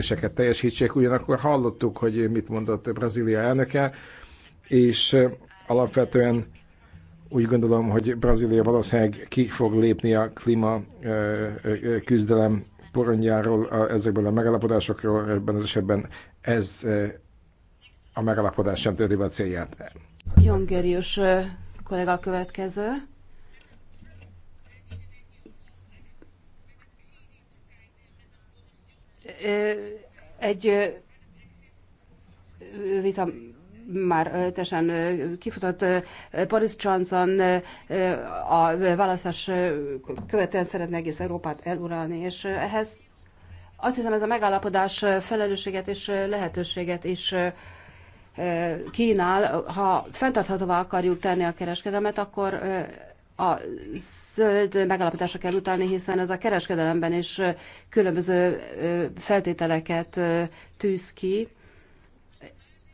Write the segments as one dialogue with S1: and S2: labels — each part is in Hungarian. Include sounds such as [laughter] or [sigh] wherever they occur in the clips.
S1: célkitűzéseket teljesítsék. Ugyanakkor hallottuk, hogy mit mondott Brazília elnöke, és alapvetően úgy gondolom, hogy Brazília valószínűleg ki fog lépni a klíma küzdelem porondjáról, ezekből a megalapodásokról, ebben az esetben ez a megalapodás sem tölti be a célját.
S2: Jongerius kollega a következő. egy vita már teljesen kifutott Boris Johnson a választás követően szeretne egész Európát eluralni, és ehhez azt hiszem ez a megállapodás felelősséget és lehetőséget is kínál. Ha fenntarthatóvá akarjuk tenni a kereskedelmet, akkor a zöld megalapításra kell utalni, hiszen ez a kereskedelemben is különböző feltételeket tűz ki.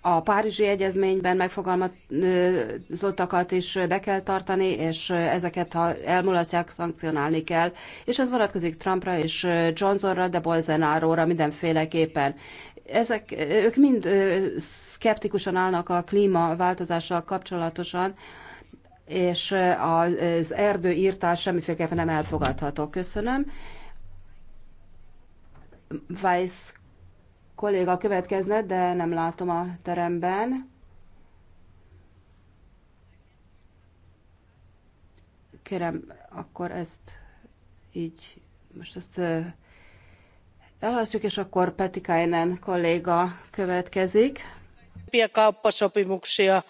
S2: A Párizsi Egyezményben megfogalmazottakat is be kell tartani, és ezeket, ha elmulasztják, szankcionálni kell. És ez vonatkozik Trumpra és Johnsonra, de Bolsonaro-ra mindenféleképpen. Ezek, ők mind szkeptikusan állnak a klímaváltozással kapcsolatosan, és az erdő írtás semmiféleképpen nem elfogadható. Köszönöm. Weiss kolléga következne, de nem látom a teremben. Kérem, akkor ezt így, most ezt elhasszuk, és akkor Petikainen kolléga következik. Nos, a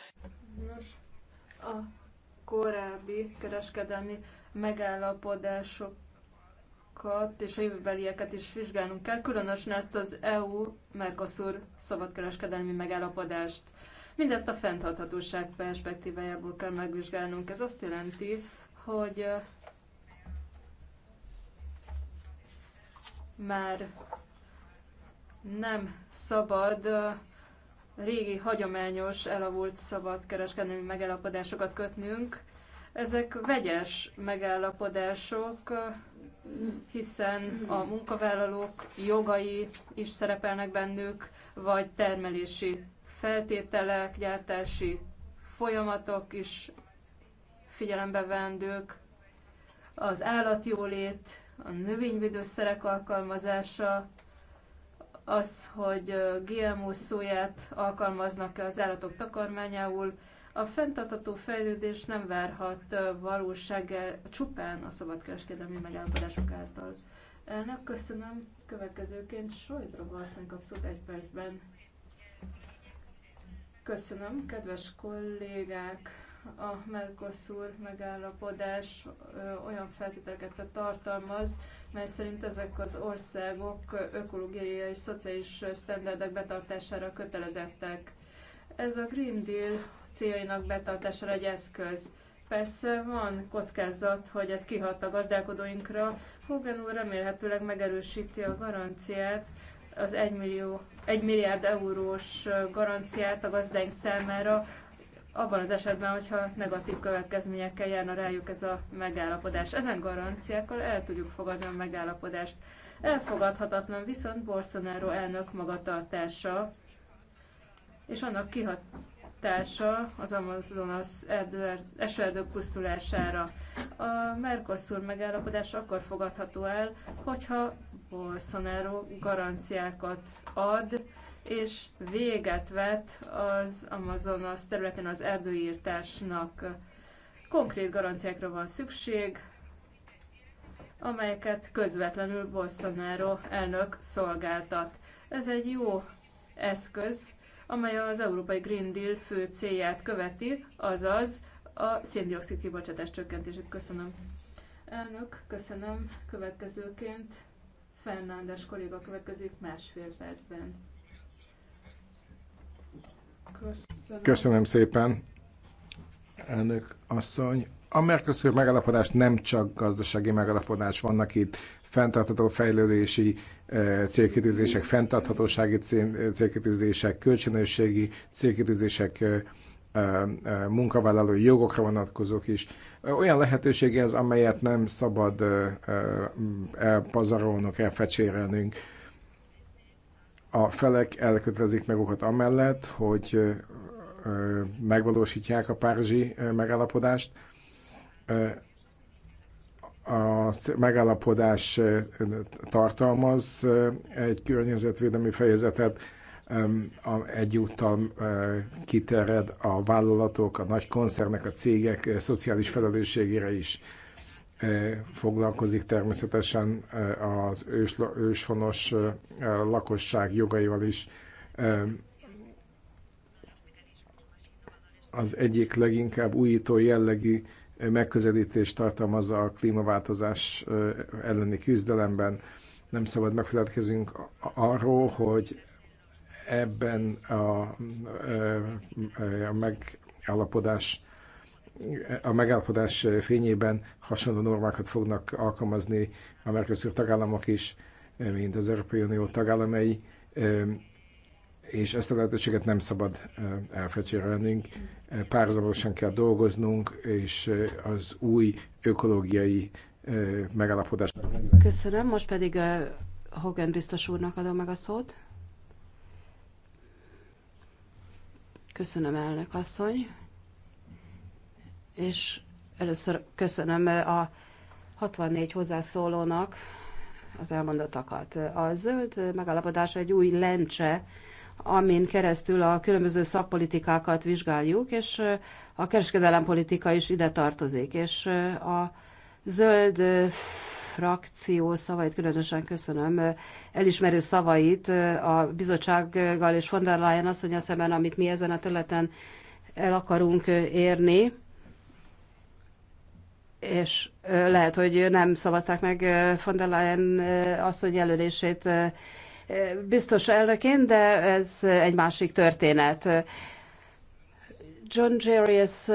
S3: korábbi kereskedelmi megállapodásokat és a jövőbelieket is vizsgálnunk kell, különösen ezt az EU-Mercosur szabadkereskedelmi megállapodást. Mindezt a fenntarthatóság perspektívájából kell megvizsgálnunk. Ez azt jelenti, hogy már nem szabad régi, hagyományos, elavult kereskedelmi megállapodásokat kötnünk. Ezek vegyes megállapodások, hiszen a munkavállalók jogai is szerepelnek bennük, vagy termelési feltételek, gyártási folyamatok is figyelembe vendők, az állatjólét, a növényvédőszerek alkalmazása, az, hogy GMO szóját alkalmaznak -e az állatok takarmányául. A fenntartható fejlődés nem várhat valósága csupán a szabadkereskedelmi megállapodások által. Elnök, köszönöm. Következőként Sojdrova asszony szót egy percben. Köszönöm, kedves kollégák! a Mercosur megállapodás olyan feltételeket tartalmaz, mely szerint ezek az országok ökológiai és szociális sztenderdek betartására kötelezettek. Ez a Green Deal céljainak betartására egy eszköz. Persze van kockázat, hogy ez kihat a gazdálkodóinkra. Hogan úr remélhetőleg megerősíti a garanciát, az 1, millió, 1 milliárd eurós garanciát a gazdáink számára, abban az esetben, hogyha negatív következményekkel járna rájuk ez a megállapodás. Ezen garanciákkal el tudjuk fogadni a megállapodást. Elfogadhatatlan viszont Bolsonaro elnök magatartása és annak kihatása az Amazonas esőerdők pusztulására. A Mercosur megállapodás akkor fogadható el, hogyha Bolsonaro garanciákat ad, és véget vet az Amazonas területén az erdőírtásnak. Konkrét garanciákra van szükség, amelyeket közvetlenül Bolsonaro elnök szolgáltat. Ez egy jó eszköz, amely az Európai Green Deal fő célját követi, azaz a széndiokszid kibocsátás csökkentését. Köszönöm. Elnök, köszönöm. Következőként Fernándes kolléga következik másfél percben. Köszönöm, Köszönöm
S1: szépen, elnök asszony. A Mercosur megalapodás nem csak gazdasági megalapodás, vannak itt fenntartható fejlődési eh, célkitűzések, fenntarthatósági eh, célkitűzések, kölcsönösségi célkitűzések, eh, munkavállalói jogokra vonatkozók is. Olyan lehetőség ez, amelyet nem szabad elpazarolnunk, elfecsérelnünk a felek elkötelezik magukat amellett, hogy megvalósítják a párizsi megállapodást. A megállapodás tartalmaz egy környezetvédelmi fejezetet, egyúttal kitered a vállalatok, a nagy koncernek, a cégek szociális felelősségére is foglalkozik természetesen az ős, őshonos lakosság jogaival is. Az egyik leginkább újító jellegű megközelítést tartalmazza a klímaváltozás elleni küzdelemben. Nem szabad megfeledkezünk arról, hogy ebben a, a megállapodás a megállapodás fényében hasonló normákat fognak alkalmazni a Mercosur tagállamok is, mint az Európai Unió tagállamai, és ezt a lehetőséget nem szabad elfecsérelnünk. Párhuzamosan kell dolgoznunk, és az új ökológiai megállapodás.
S2: Köszönöm, most pedig Hogan biztos úrnak adom meg a szót. Köszönöm, elnök asszony és először köszönöm a 64 hozzászólónak az elmondottakat. A zöld megállapodás egy új lencse, amin keresztül a különböző szakpolitikákat vizsgáljuk, és a kereskedelempolitika is ide tartozik. És a zöld frakció szavait, különösen köszönöm, elismerő szavait a bizottsággal és von der Leyen asszony szemben, amit mi ezen a területen el akarunk érni és lehet, hogy nem szavazták meg von der Leyen asszony jelölését biztos elnökén, de ez egy másik történet. John Jarius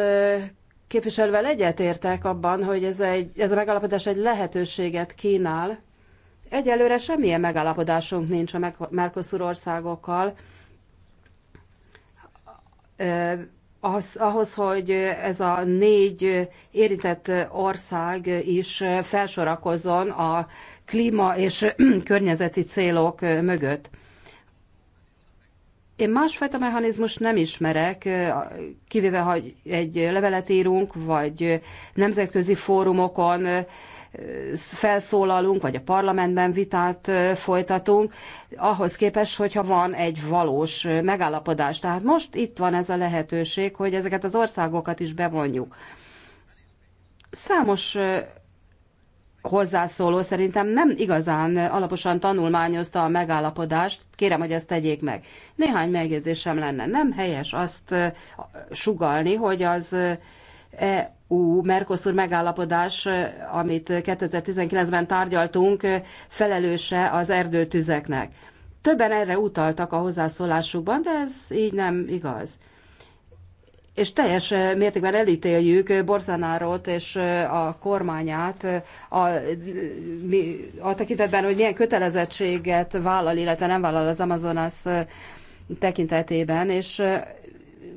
S2: képviselővel egyetértek abban, hogy ez, egy, ez a megállapodás egy lehetőséget kínál. Egyelőre semmilyen megállapodásunk nincs a Mercosur országokkal az, ahhoz, hogy ez a négy érintett ország is felsorakozzon a klíma és [clears throat] környezeti célok mögött. Én másfajta mechanizmus nem ismerek, kivéve, ha egy levelet írunk, vagy nemzetközi fórumokon felszólalunk, vagy a parlamentben vitát folytatunk, ahhoz képest, hogyha van egy valós megállapodás. Tehát most itt van ez a lehetőség, hogy ezeket az országokat is bevonjuk. Számos hozzászóló szerintem nem igazán alaposan tanulmányozta a megállapodást, kérem, hogy ezt tegyék meg. Néhány megjegyzésem lenne. Nem helyes azt sugalni, hogy az EU-Mercosur megállapodás, amit 2019-ben tárgyaltunk, felelőse az erdőtüzeknek. Többen erre utaltak a hozzászólásukban, de ez így nem igaz és teljes eh, mértékben elítéljük eh, Borzanárot és eh, a kormányát a, a tekintetben, hogy milyen kötelezettséget vállal, illetve nem vállal az Amazonas tekintetében, és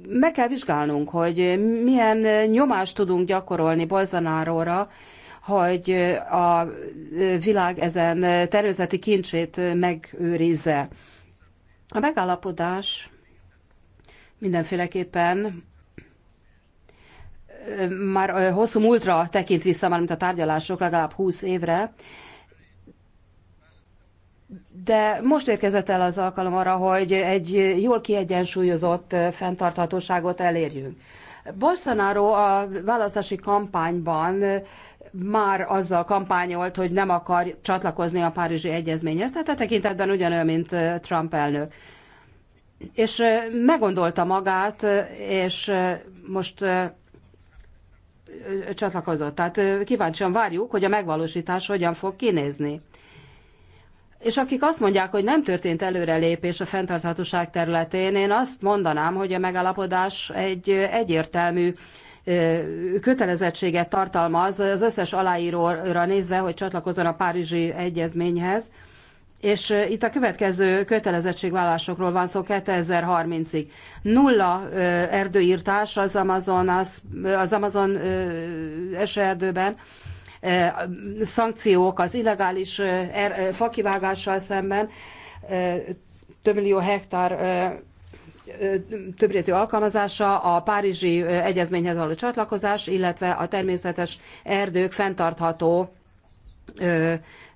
S2: meg kell vizsgálnunk, hogy milyen nyomást tudunk gyakorolni Bolzanáróra, hogy a világ ezen tervezeti kincsét megőrizze. A megállapodás mindenféleképpen már hosszú múltra tekint vissza, már mint a tárgyalások, legalább 20 évre, de most érkezett el az alkalom arra, hogy egy jól kiegyensúlyozott fenntarthatóságot elérjünk. Bolsonaro a választási kampányban már azzal kampányolt, hogy nem akar csatlakozni a Párizsi Egyezményhez, tehát a tekintetben ugyanolyan, mint Trump elnök. És meggondolta magát, és most csatlakozott. Tehát kíváncsian várjuk, hogy a megvalósítás hogyan fog kinézni. És akik azt mondják, hogy nem történt előrelépés a fenntarthatóság területén, én azt mondanám, hogy a megalapodás egy egyértelmű kötelezettséget tartalmaz az összes aláíróra nézve, hogy csatlakozzon a Párizsi Egyezményhez. És itt a következő kötelezettségvállásokról van szó 2030-ig. Nulla erdőírtás az, Amazonas, az Amazon esőerdőben, szankciók az illegális er, fakivágással szemben, több millió hektár többrétű alkalmazása, a Párizsi Egyezményhez való csatlakozás, illetve a természetes erdők fenntartható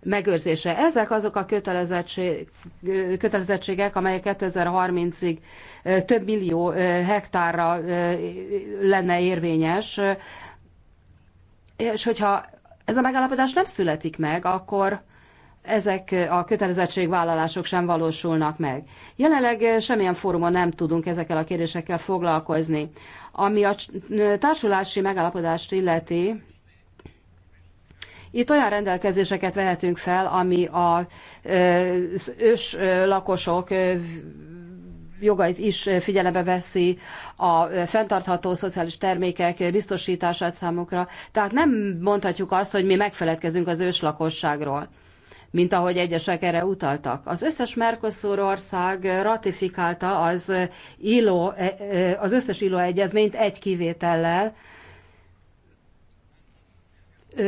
S2: megőrzése. Ezek azok a kötelezettség, kötelezettségek, amelyek 2030-ig több millió hektárra lenne érvényes, és hogyha ez a megállapodás nem születik meg, akkor ezek a kötelezettségvállalások sem valósulnak meg. Jelenleg semmilyen fórumon nem tudunk ezekkel a kérdésekkel foglalkozni. Ami a társulási megállapodást illeti, itt olyan rendelkezéseket vehetünk fel, ami az ős lakosok jogait is figyelembe veszi, a fenntartható szociális termékek biztosítását számukra. Tehát nem mondhatjuk azt, hogy mi megfeledkezünk az őslakosságról mint ahogy egyesek erre utaltak. Az összes Mercosur ország ratifikálta az, ILO, e, e, az összes ILO egyezményt egy kivétellel,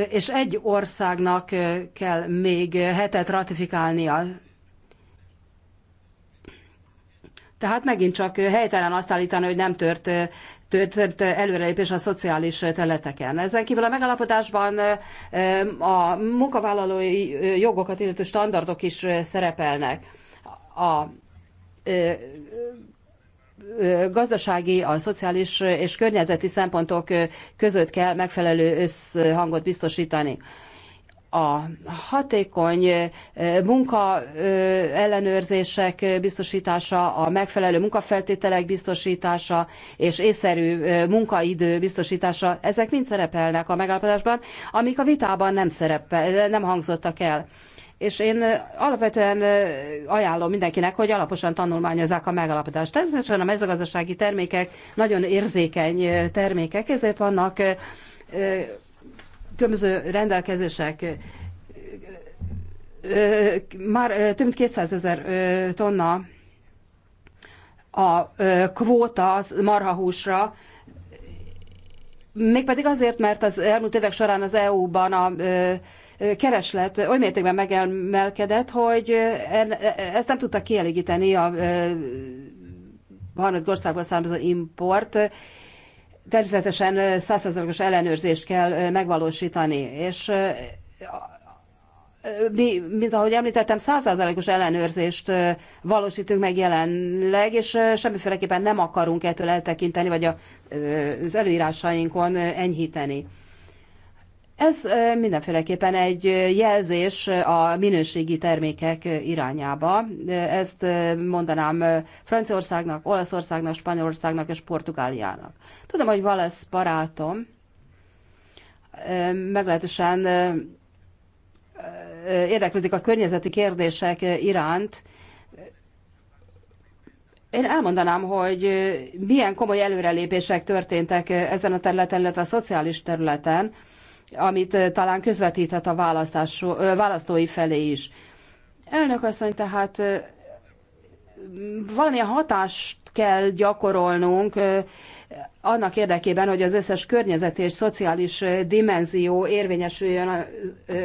S2: és egy országnak kell még hetet ratifikálnia. Tehát megint csak helytelen azt állítani, hogy nem tört, tört előrelépés a szociális területeken. Ezen kívül a megalapodásban a munkavállalói jogokat illető standardok is szerepelnek. A gazdasági, a szociális és környezeti szempontok között kell megfelelő összhangot biztosítani. A hatékony munka ellenőrzések biztosítása, a megfelelő munkafeltételek biztosítása és észszerű munkaidő biztosítása, ezek mind szerepelnek a megállapodásban, amik a vitában nem, szerepel, nem hangzottak el és én alapvetően ajánlom mindenkinek, hogy alaposan tanulmányozzák a megállapodást. Természetesen a mezőgazdasági termékek nagyon érzékeny termékek, ezért vannak különböző rendelkezések. Már több mint 200 ezer tonna a kvóta az marhahúsra, mégpedig azért, mert az elmúlt évek során az EU-ban a kereslet oly mértékben megemelkedett, hogy e, e, ezt nem tudta kielégíteni a harmadik országból származó import. Természetesen százszerzalékos ellenőrzést kell megvalósítani, és mi, mint ahogy említettem, 100%-os ellenőrzést valósítunk meg jelenleg, és semmiféleképpen nem akarunk ettől eltekinteni, vagy az előírásainkon enyhíteni. Ez mindenféleképpen egy jelzés a minőségi termékek irányába. Ezt mondanám Franciaországnak, Olaszországnak, Spanyolországnak és Portugáliának. Tudom, hogy Valesz barátom meglehetősen érdeklődik a környezeti kérdések iránt, én elmondanám, hogy milyen komoly előrelépések történtek ezen a területen, illetve a szociális területen amit talán közvetíthet a választói felé is. Elnök asszony, tehát valamilyen hatást kell gyakorolnunk annak érdekében, hogy az összes környezet és szociális dimenzió érvényesüljön a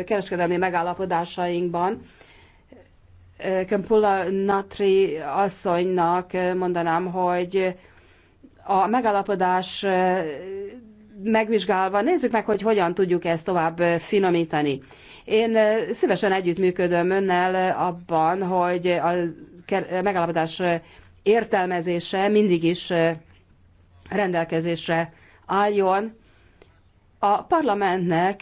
S2: kereskedelmi megállapodásainkban. Kempula Natri asszonynak mondanám, hogy a megállapodás megvizsgálva nézzük meg, hogy hogyan tudjuk ezt tovább finomítani. Én szívesen együttműködöm önnel abban, hogy a megállapodás értelmezése mindig is rendelkezésre álljon. A parlamentnek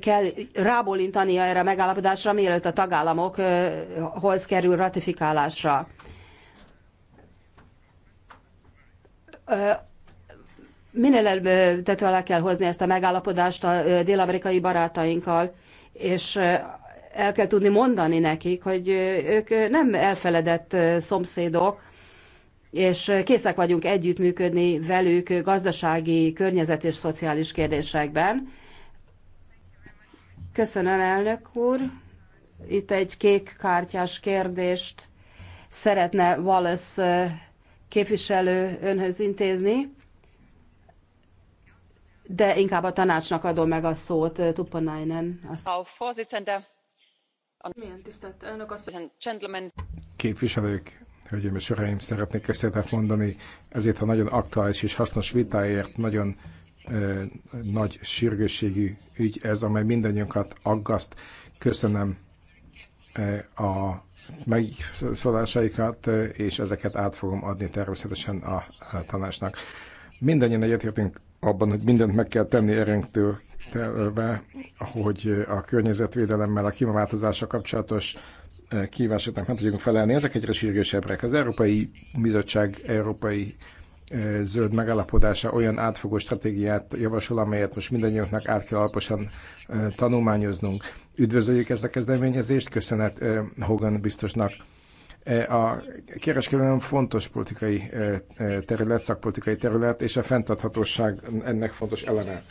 S2: kell rábólintania erre a megállapodásra, mielőtt a tagállamokhoz kerül ratifikálásra minél előbb tető alá kell hozni ezt a megállapodást a dél-amerikai barátainkkal, és el kell tudni mondani nekik, hogy ők nem elfeledett szomszédok, és készek vagyunk együttműködni velük gazdasági, környezet és szociális kérdésekben. Köszönöm, elnök úr. Itt egy kék kártyás kérdést szeretne Wallace képviselő önhöz intézni de inkább a tanácsnak adom meg a szót, eh, Tupanainen. Azt...
S3: Milyen tisztelt elnök asszony?
S1: Képviselők, hölgyeim és uraim, szeretnék köszönetet mondani ezért a nagyon aktuális és hasznos vitáért, nagyon ö, eh, nagy sürgősségű ügy ez, amely mindannyiunkat aggaszt. Köszönöm ö, eh, a megszólásaikat, és ezeket át fogom adni természetesen a, a tanácsnak. Mindannyian egyetértünk abban, hogy mindent meg kell tenni erőnktől hogy a környezetvédelemmel, a klímaváltozással kapcsolatos eh, kívásoknak nem tudjunk felelni. Ezek egyre sürgősebbek. Az Európai Bizottság Európai eh, zöld megállapodása olyan átfogó stratégiát javasol, amelyet most mindannyiunknak át kell alaposan eh, tanulmányoznunk. Üdvözöljük ezt a kezdeményezést, köszönet Hogan biztosnak E, a kereskedelem fontos politikai e, e, terület, szakpolitikai terület, és a fenntarthatóság ennek fontos eleme.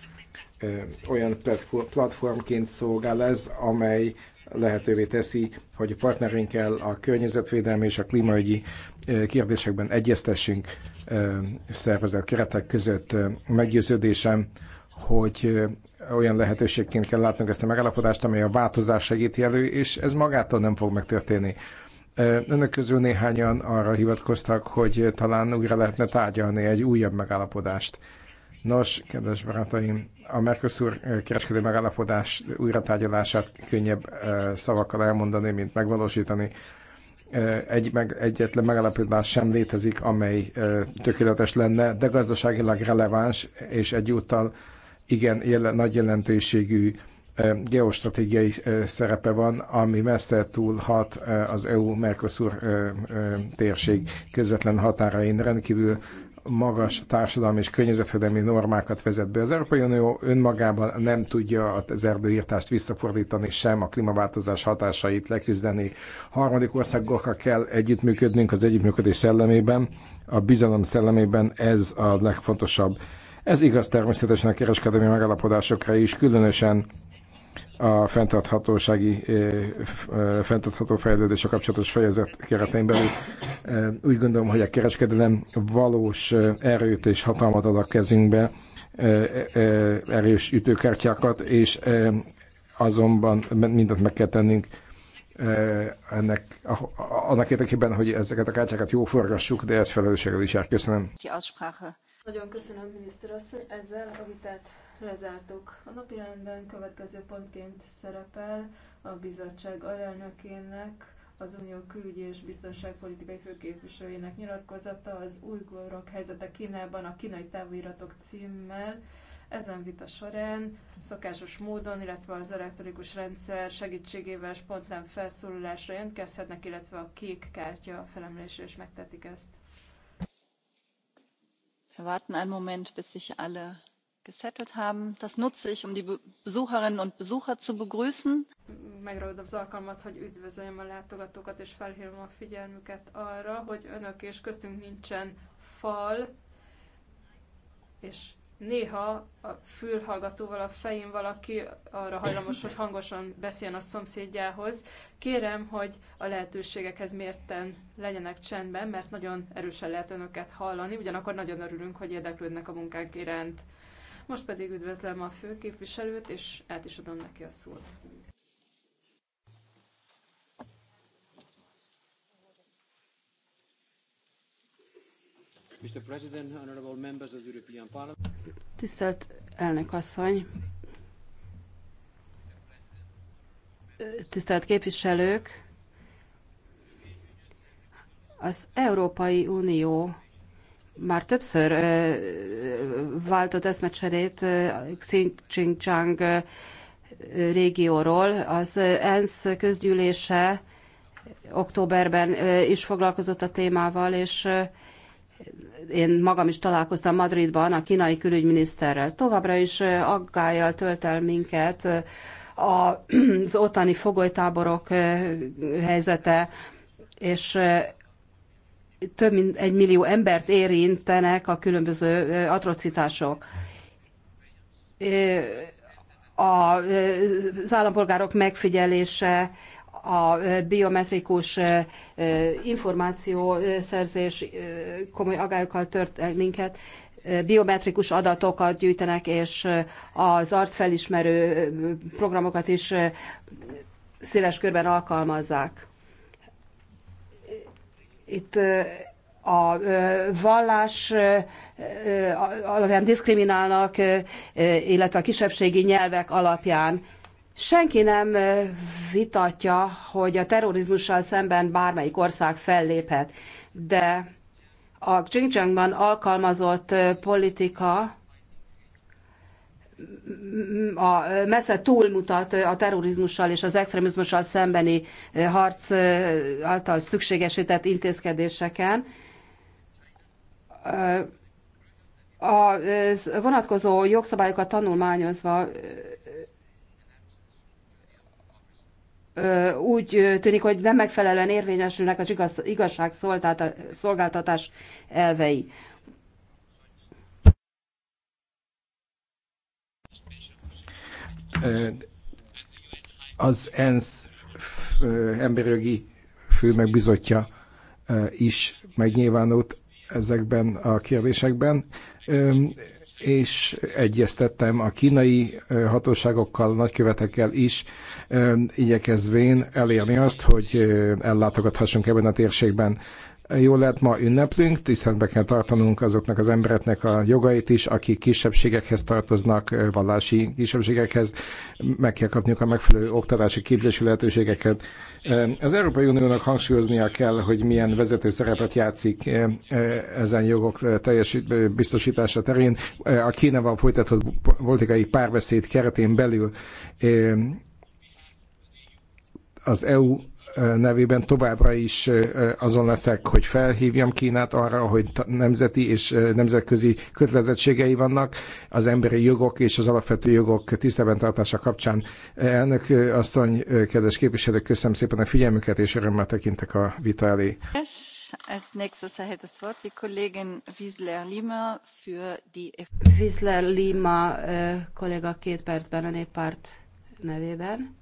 S1: Olyan platformként szolgál ez, amely lehetővé teszi, hogy a partnerinkkel a környezetvédelmi és a klímaügyi kérdésekben egyeztessünk szervezett keretek között. Meggyőződésem, hogy olyan lehetőségként kell látnunk ezt a megállapodást, amely a változás segíti elő, és ez magától nem fog megtörténni. Önök közül néhányan arra hivatkoztak, hogy talán újra lehetne tárgyalni egy újabb megállapodást. Nos, kedves barátaim, a Mercosur kereskedő megállapodás újratárgyalását könnyebb szavakkal elmondani, mint megvalósítani. Egy, meg, egyetlen megállapodás sem létezik, amely tökéletes lenne, de gazdaságilag releváns és egyúttal igen jelen, nagy jelentőségű geostratégiai szerepe van, ami messze túlhat az EU-Mercosur térség közvetlen határain rendkívül magas társadalmi és környezetvédelmi normákat vezet be. Az Európai Unió önmagában nem tudja az erdőírtást visszafordítani, sem a klímaváltozás hatásait leküzdeni. Harmadik országokkal kell együttműködnünk az együttműködés szellemében, a bizalom szellemében ez a legfontosabb. Ez igaz természetesen a kereskedelmi megállapodásokra is, különösen a fenntarthatósági, fenntartható a kapcsolatos fejezet keretein belül. Úgy gondolom, hogy a kereskedelem valós erőt és hatalmat ad a kezünkbe, erős ütőkártyákat, és azonban mindent meg kell tennünk ennek, annak érdekében, hogy ezeket a kártyákat jó forgassuk, de ez felelősséggel is jár. Köszönöm.
S3: Nagyon köszönöm, miniszter asszony. Ezzel a vitát lezártuk. A napirenden következő pontként szerepel a bizottság alelnökének, az Unió külügyi és biztonságpolitikai főképviselőjének nyilatkozata az újgorok helyzete Kínában a kínai táviratok címmel. Ezen vita során szokásos módon, illetve az elektronikus rendszer segítségével spontán felszólalásra jelentkezhetnek, illetve a kék kártya felemlésre is megtetik ezt. Wir warten einen Moment, bis sich alle gesettelt haben. Das nutze ich, um die
S2: Besucherinnen und Besucher zu begrüßen.
S3: az alkalmat, hogy üdvözöljem a látogatókat, és felhívom a figyelmüket arra, hogy önök és köztünk nincsen fal, és néha a fülhallgatóval a fején valaki arra hajlamos, hogy hangosan beszéljen a szomszédjához. Kérem, hogy a lehetőségekhez mérten legyenek csendben, mert nagyon erősen lehet önöket hallani, ugyanakkor nagyon örülünk, hogy érdeklődnek a munkánk iránt. Most pedig üdvözlöm a főképviselőt, és át is adom neki a szót. Mr. President,
S2: honorable members of the European Parliament. Tisztelt elnök asszony, tisztelt képviselők, az Európai Unió már többször váltott eszmecserét Xinjiang régióról. Az ENSZ közgyűlése októberben is foglalkozott a témával, és én magam is találkoztam Madridban a kínai külügyminiszterrel. Továbbra is aggájjal tölt el minket [clears throat] az ottani fogolytáborok helyzete, és több mint egy millió embert érintenek a különböző atrocitások. Az állampolgárok megfigyelése, a biometrikus információszerzés komoly agályokkal tört minket, biometrikus adatokat gyűjtenek, és az arcfelismerő programokat is széles körben alkalmazzák. Itt a vallás alapján diszkriminálnak, illetve a kisebbségi nyelvek alapján. Senki nem vitatja, hogy a terrorizmussal szemben bármelyik ország felléphet, de a Xinjiangban alkalmazott politika a messze túlmutat a terrorizmussal és az extrémizmussal szembeni harc által szükségesített intézkedéseken. A vonatkozó jogszabályokat tanulmányozva úgy tűnik, hogy nem megfelelően érvényesülnek az igazságszolgáltatás elvei.
S1: Az ENSZ emberjogi főmegbizotja is megnyilvánult ezekben a kérdésekben, és egyeztettem a kínai hatóságokkal, nagykövetekkel is, igyekezvén elérni azt, hogy ellátogathassunk ebben a térségben Jól lehet, ma ünneplünk, hiszen be kell tartanunk azoknak az embereknek a jogait is, akik kisebbségekhez tartoznak, vallási kisebbségekhez, meg kell kapniuk a megfelelő oktatási képzési lehetőségeket. Az Európai Uniónak hangsúlyoznia kell, hogy milyen vezető szerepet játszik ezen jogok teljes biztosítása terén. A Kínával folytatott politikai párbeszéd keretén belül az EU nevében továbbra is azon leszek, hogy felhívjam Kínát arra, hogy nemzeti és nemzetközi kötelezettségei vannak az emberi jogok és az alapvető jogok tiszteletben tartása kapcsán. Elnök asszony, kedves képviselők, köszönöm szépen a figyelmüket, és örömmel tekintek a vita elé.
S2: Als nächstes erhält das Wort die Kollegin Wiesler-Lima für die... Wiesler-Lima kollega két percben a néppárt nevében.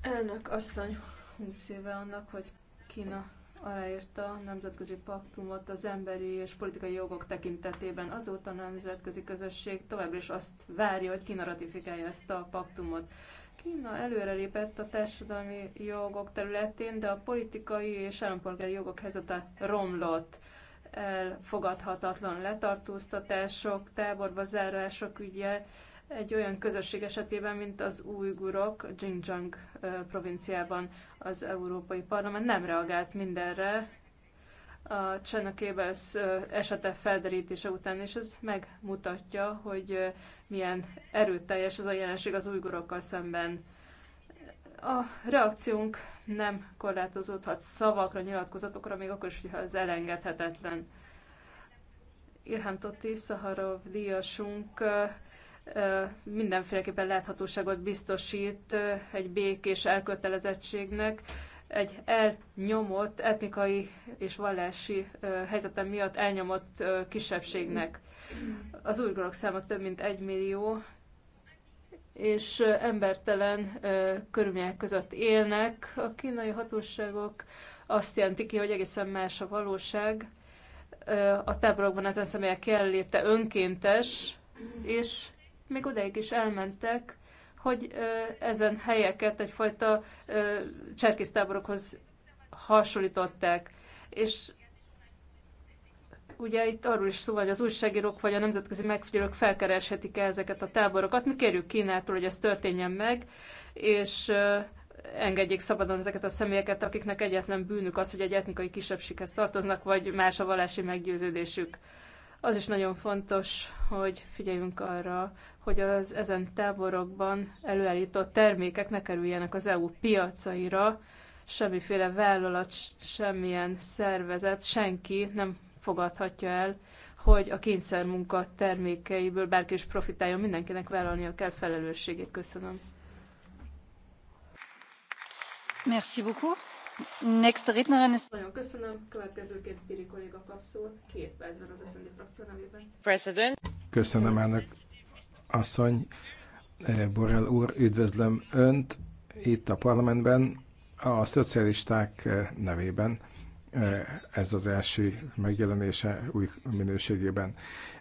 S3: Elnök asszony, 20 éve annak, hogy Kína aláírta a nemzetközi paktumot az emberi és politikai jogok tekintetében. Azóta a nemzetközi közösség továbbra is azt várja, hogy Kína ratifikálja ezt a paktumot. Kína előrelépett a társadalmi jogok területén, de a politikai és állampolgári jogok helyzete romlott. Elfogadhatatlan letartóztatások, táborba zárások ügye, egy olyan közösség esetében, mint az újgurok Xinjiang provinciában az Európai Parlament nem reagált mindenre a Csenakébelsz esete felderítése után, és ez megmutatja, hogy milyen erőteljes ez a jelenség az újgurokkal szemben. A reakciónk nem korlátozódhat szavakra, nyilatkozatokra, még akkor is, hogyha ez elengedhetetlen. Irham Totti, Szaharov díjasunk mindenféleképpen láthatóságot biztosít egy békés elkötelezettségnek, egy elnyomott etnikai és vallási helyzetem miatt elnyomott kisebbségnek. Az újgorok száma több mint egy millió, és embertelen körülmények között élnek. A kínai hatóságok azt jelenti ki, hogy egészen más a valóság. A táborokban ezen személyek jelenléte önkéntes, és még odáig is elmentek, hogy ezen helyeket egyfajta cserkésztáborokhoz hasonlították. És ugye itt arról is szó, van, hogy az újságírók vagy a nemzetközi megfigyelők felkereshetik -e ezeket a táborokat. Mi kérjük Kínától, hogy ez történjen meg, és engedjék szabadon ezeket a személyeket, akiknek egyetlen bűnük az, hogy egy etnikai kisebbséghez tartoznak, vagy más a vallási meggyőződésük. Az is nagyon fontos, hogy figyeljünk arra, hogy az ezen táborokban előállított termékek ne kerüljenek az EU piacaira, semmiféle vállalat, semmilyen szervezet, senki nem fogadhatja el, hogy a kényszermunka termékeiből bárki is profitáljon, mindenkinek vállalnia kell felelősségét. Köszönöm. Merci beaucoup. Next Rednerin is... President.
S1: Köszönöm, elnök asszony. Eh, Borrell úr, üdvözlöm Önt itt a parlamentben, a szocialisták eh, nevében. Eh, ez az első megjelenése új minőségében.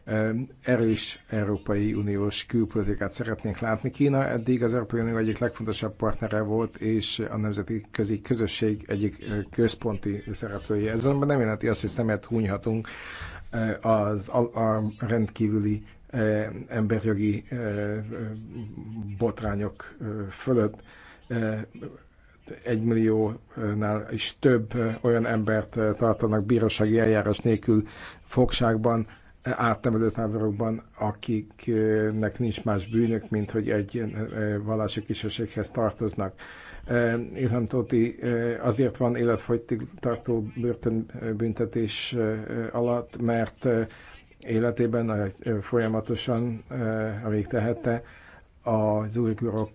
S1: Eh, erős Európai Uniós külpolitikát szeretnénk látni. Kína eddig az Európai Unió egyik legfontosabb partnere volt, és a nemzeti közi közösség egyik eh, központi szereplője. Ez azonban nem jelenti azt, hogy szemet hunyhatunk az a, rendkívüli emberjogi botrányok fölött egy milliónál is több olyan embert tartanak bírósági eljárás nélkül fogságban, átnevelő táborokban, akiknek nincs más bűnök, mint hogy egy vallási kisebbséghez tartoznak. Ilham Tóti azért van életfogytig tartó börtönbüntetés alatt, mert életében folyamatosan, amíg tehette, az újgurok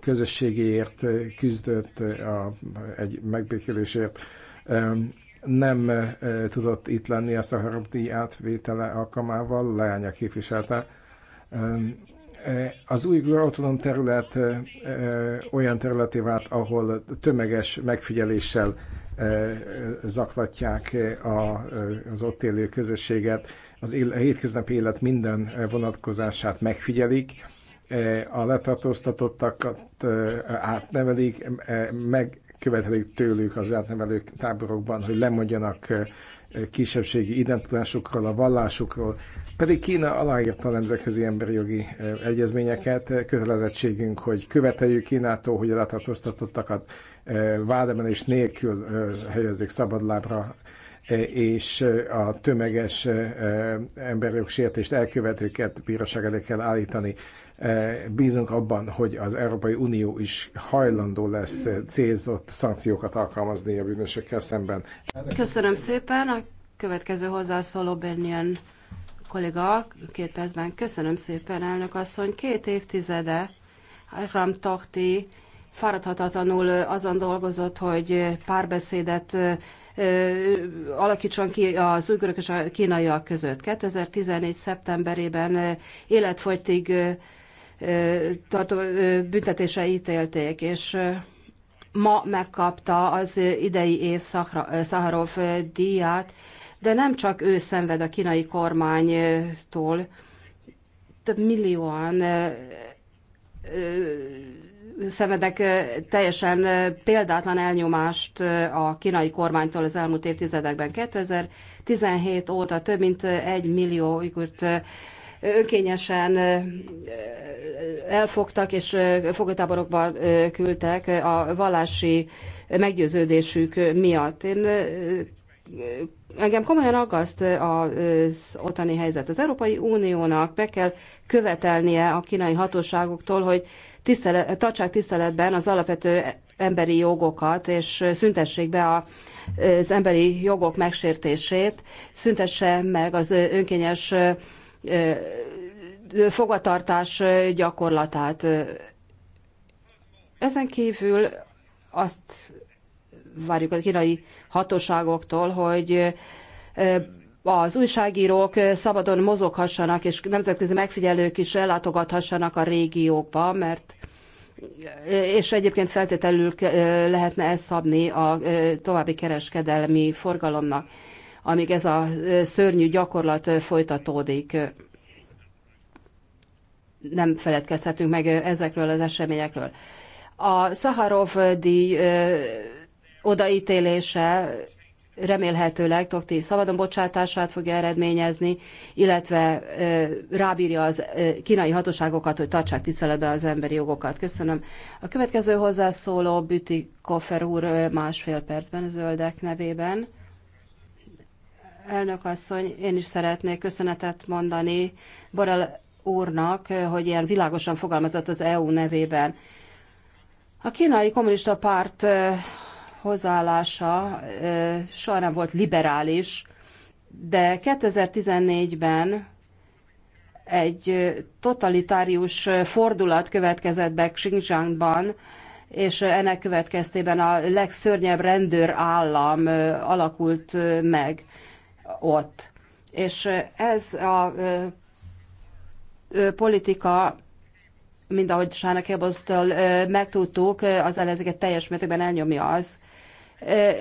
S1: közösségéért küzdött, a, egy megbékélésért, nem tudott itt lenni a Szaharov díj átvétele alkalmával, leánya képviselte. Az új autonóm terület olyan területé vált, ahol tömeges megfigyeléssel zaklatják az ott élő közösséget, az hétköznapi élet minden vonatkozását megfigyelik, Eh, a letartóztatottakat eh, átnevelik, eh, megkövetelik tőlük az átnevelők táborokban, hogy lemondjanak kisebbségi identitásukról, a vallásukról, pedig Kína aláírta a nemzetközi emberi jogi egyezményeket, kötelezettségünk, hogy követeljük Kínától, hogy a letartóztatottakat vádemelés nélkül helyezzék szabadlábra, és a tömeges emberjogsértést elkövetőket bíróság elé kell állítani. Bízunk abban, hogy az Európai Unió is hajlandó lesz célzott szankciókat alkalmazni a bűnösökkel szemben.
S2: Köszönöm szépen. A következő hozzászóló Bernian kolléga, két percben. Köszönöm szépen, elnök asszony. Két évtizede Akram Takti fáradhatatlanul azon dolgozott, hogy párbeszédet alakítson ki az újgörök és a kínaiak között. 2014. szeptemberében életfogytig tartó büntetésre ítélték, és ma megkapta az idei év Szaharov díját, de nem csak ő szenved a kínai kormánytól, több millióan szenvedek teljesen példátlan elnyomást a kínai kormánytól az elmúlt évtizedekben. 2017 óta több mint egy millió ikurt önkényesen elfogtak és fogatáborokba küldtek a vallási meggyőződésük miatt. Én engem komolyan aggaszt az ottani helyzet. Az Európai Uniónak be kell követelnie a kínai hatóságoktól, hogy tisztelet, tartsák tiszteletben az alapvető emberi jogokat, és szüntessék be az emberi jogok megsértését, szüntesse meg az önkényes fogvatartás gyakorlatát. Ezen kívül azt várjuk a kínai hatóságoktól, hogy az újságírók szabadon mozoghassanak, és nemzetközi megfigyelők is ellátogathassanak a régiókba, mert és egyébként feltételül lehetne ezt szabni a további kereskedelmi forgalomnak amíg ez a szörnyű gyakorlat folytatódik. Nem feledkezhetünk meg ezekről az eseményekről. A Szaharov díj odaítélése remélhetőleg Tokti szabadon bocsátását fogja eredményezni, illetve rábírja az kínai hatóságokat, hogy tartsák tiszteletben az emberi jogokat. Köszönöm. A következő hozzászóló Büti Koffer úr másfél percben zöldek nevében. Elnök asszony, én is szeretnék köszönetet mondani Borel úrnak, hogy ilyen világosan fogalmazott az EU nevében. A kínai kommunista párt hozzáállása soha nem volt liberális, de 2014-ben egy totalitárius fordulat következett be Xinjiangban, és ennek következtében a legszörnyebb rendőrállam alakult meg ott. És ez a politika, mind ahogy Sának Kebosztól megtudtuk, az ellenzéket teljes mértékben elnyomja az.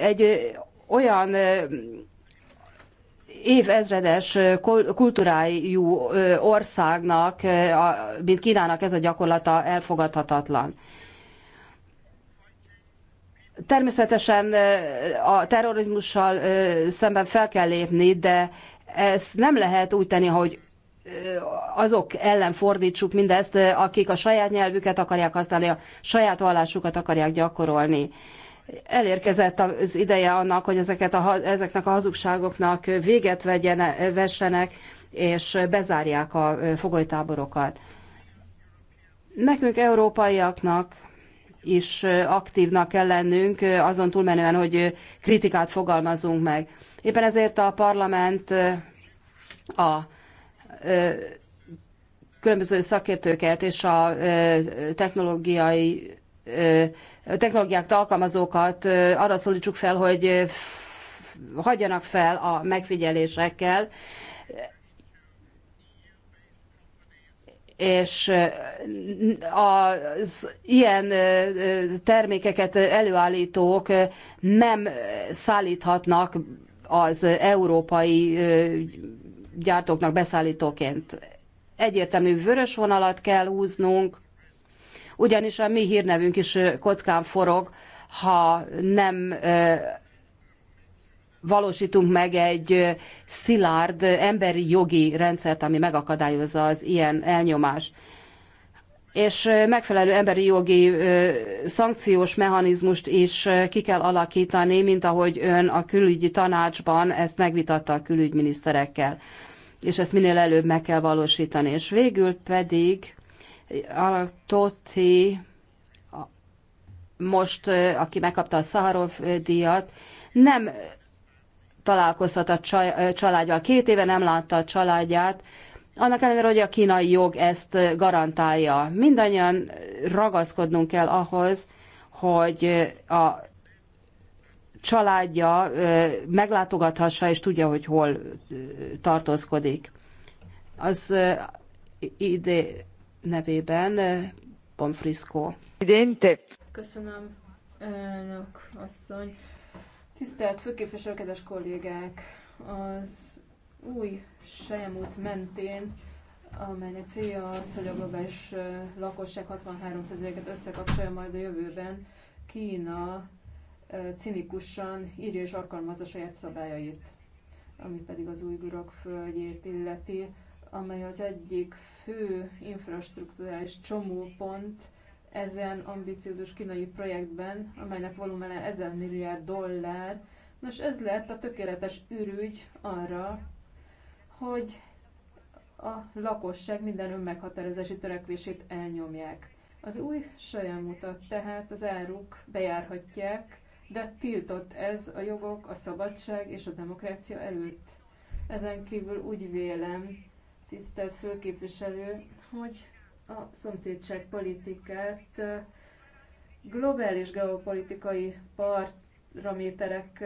S2: Egy olyan évezredes kultúrájú országnak, mint Kínának ez a gyakorlata elfogadhatatlan. Természetesen a terrorizmussal szemben fel kell lépni, de ezt nem lehet úgy tenni, hogy azok ellen fordítsuk mindezt, akik a saját nyelvüket akarják használni, a saját vallásukat akarják gyakorolni. Elérkezett az ideje annak, hogy ezeket a, ezeknek a hazugságoknak véget vegyene, vessenek, és bezárják a fogolytáborokat. Nekünk, európaiaknak is aktívnak kell lennünk, azon túlmenően, hogy kritikát fogalmazzunk meg. Éppen ezért a parlament a különböző szakértőket és a technológiai technológiákat alkalmazókat arra szólítsuk fel, hogy hagyjanak fel a megfigyelésekkel, és az ilyen termékeket előállítók nem szállíthatnak az európai gyártóknak beszállítóként. Egyértelmű vörös vonalat kell húznunk, ugyanis a mi hírnevünk is kockán forog, ha nem valósítunk meg egy szilárd emberi jogi rendszert, ami megakadályozza az ilyen elnyomás és megfelelő emberi jogi szankciós mechanizmust is ki kell alakítani, mint ahogy ön a külügyi tanácsban ezt megvitatta a külügyminiszterekkel. És ezt minél előbb meg kell valósítani. És végül pedig a Toti, most, aki megkapta a Szaharov díjat, nem találkozhat a családjal. Két éve nem látta a családját, annak ellenére, hogy a kínai jog ezt garantálja. Mindannyian ragaszkodnunk kell ahhoz, hogy a családja meglátogathassa és tudja, hogy hol tartózkodik. Az ide nevében Bonfrisco.
S3: Köszönöm, önök, asszony. Tisztelt főképviselő, kedves kollégák! Az új Sejemút mentén, amelynek célja az, hogy a globális lakosság 63%-et összekapcsolja majd a jövőben, Kína cinikusan írja és alkalmazza saját szabályait, ami pedig az újgurok földjét illeti, amely az egyik fő infrastruktúrális csomópont, ezen ambiciózus kínai projektben, amelynek volumene 1000 milliárd dollár. Nos, ez lett a tökéletes ürügy arra, hogy a lakosság minden önmeghatározási törekvését elnyomják. Az új mutat tehát az áruk bejárhatják, de tiltott ez a jogok, a szabadság és a demokrácia előtt. Ezen kívül úgy vélem, tisztelt főképviselő, hogy a szomszédság politikát globális geopolitikai paraméterek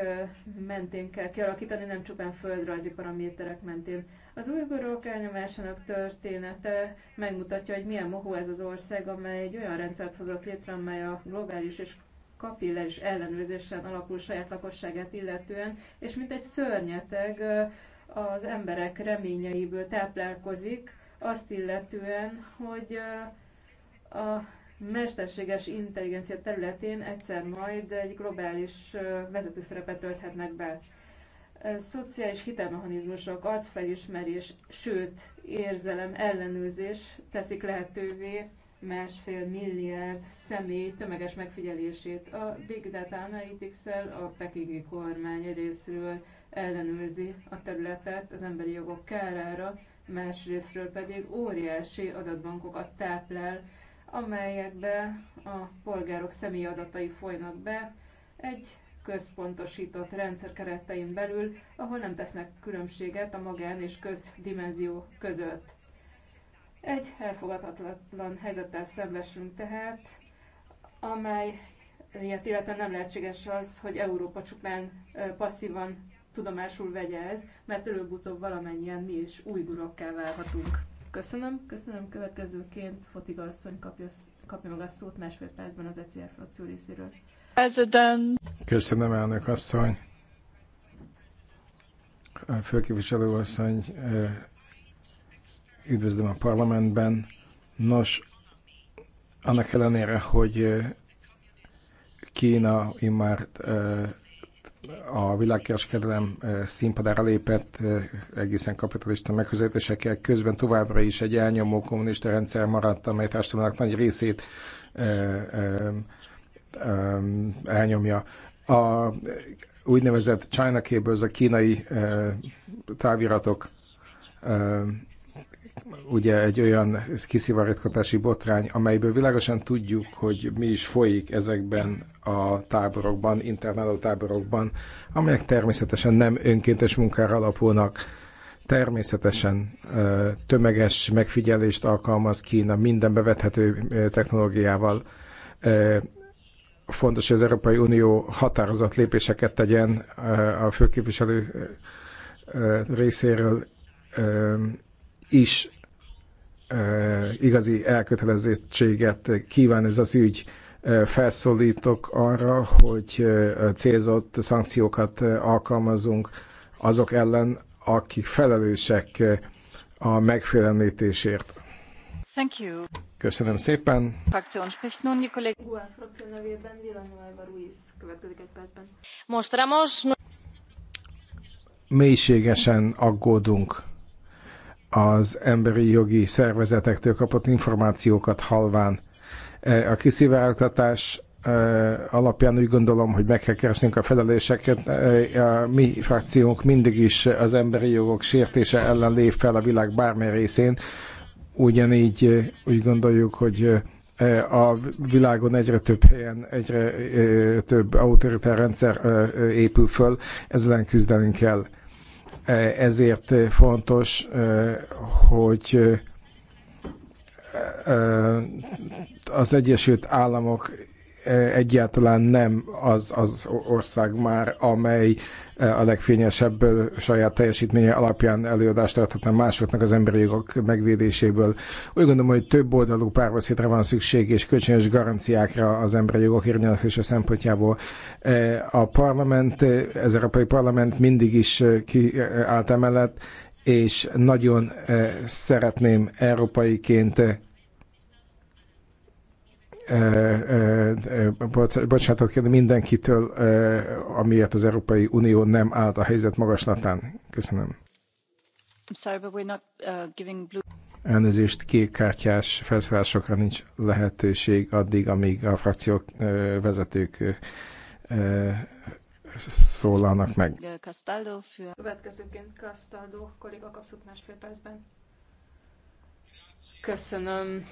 S3: mentén kell kialakítani, nem csupán földrajzi paraméterek mentén. Az újgorok elnyomásának története megmutatja, hogy milyen mohó ez az ország, amely egy olyan rendszert hozott létre, amely a globális és kapilláris ellenőrzésen alapul saját lakosságát illetően, és mint egy szörnyeteg az emberek reményeiből táplálkozik, azt illetően, hogy a mesterséges intelligencia területén egyszer majd egy globális vezetőszerepet tölthetnek be. Szociális hitelmechanizmusok, arcfelismerés, sőt érzelem ellenőrzés teszik lehetővé másfél milliárd személy tömeges megfigyelését. A Big Data analytics a pekingi kormány részről ellenőrzi a területet az emberi jogok kárára, másrésztről pedig óriási adatbankokat táplál, amelyekbe a polgárok személyi adatai folynak be egy központosított rendszer keretein belül, ahol nem tesznek különbséget a magán és közdimenzió között. Egy elfogadhatatlan helyzettel szembesülünk tehát, amely ilyet illetve nem lehetséges az, hogy Európa csupán passzívan tudomásul vegye ez, mert előbb-utóbb valamennyien mi is újgurokká válhatunk. Köszönöm, köszönöm. Következőként Fotiga asszony kapja, kapja meg a szót másfél percben az ECR frakció részéről.
S1: Köszönöm, elnök asszony. A főképviselő asszony, üdvözlöm a parlamentben. Nos, annak ellenére, hogy Kína immár a világkereskedelem eh, színpadára lépett eh, egészen kapitalista megközelítésekkel közben továbbra is egy elnyomó kommunista rendszer maradt, amely társadalomnak nagy részét eh, elnyomja. A úgynevezett China Cables, a kínai táviratok ugye egy olyan kiszivarítkozási botrány, amelyből világosan tudjuk, hogy mi is folyik ezekben a táborokban, internáló táborokban, amelyek természetesen nem önkéntes munkára alapulnak. Természetesen tömeges megfigyelést alkalmaz Kína minden bevethető technológiával. Fontos, hogy az Európai Unió határozott lépéseket tegyen a főképviselő részéről is igazi elkötelezettséget kíván ez az ügy. Felszólítok arra, hogy célzott szankciókat alkalmazunk azok ellen, akik felelősek a megfélemlítésért. Thank you. Köszönöm szépen.
S3: Fraktion spricht nun die Kollegin. Gua frakció nevében Villanueva Ruiz következik
S1: egy percben. Mostramos. Mélységesen aggódunk az emberi jogi szervezetektől kapott információkat halván. E, a kiszivárogtatás e, alapján úgy gondolom, hogy meg kell keresnünk a felelőseket. E, a mi frakciónk mindig is az emberi jogok sértése ellen lép fel a világ bármely részén. Ugyanígy úgy gondoljuk, hogy a világon egyre több helyen, egyre több autoritár rendszer épül föl, ezzel küzdenünk kell ezért fontos, hogy az Egyesült Államok E, egyáltalán nem az az ország már, amely e, a legfényesebb e, saját teljesítménye alapján előadást tarthatna másoknak az emberi jogok megvédéséből. Úgy gondolom, hogy több oldalú párbeszédre van szükség, és kölcsönös garanciákra az emberi jogok érvényesülése szempontjából. A parlament, az Európai Parlament mindig is kiállt emellett, és nagyon szeretném európaiként bocsánatot kérni mindenkitől, amiért az Európai Unió nem állt a helyzet magaslatán. Köszönöm.
S2: I'm sorry, but we're not, uh, blue...
S1: Elnézést, felszólásokra nincs lehetőség addig, amíg a frakciók vezetők szólalnak meg. Castaldo
S3: für... Következőként Castaldo kolléga kapszott másfél percben. Köszönöm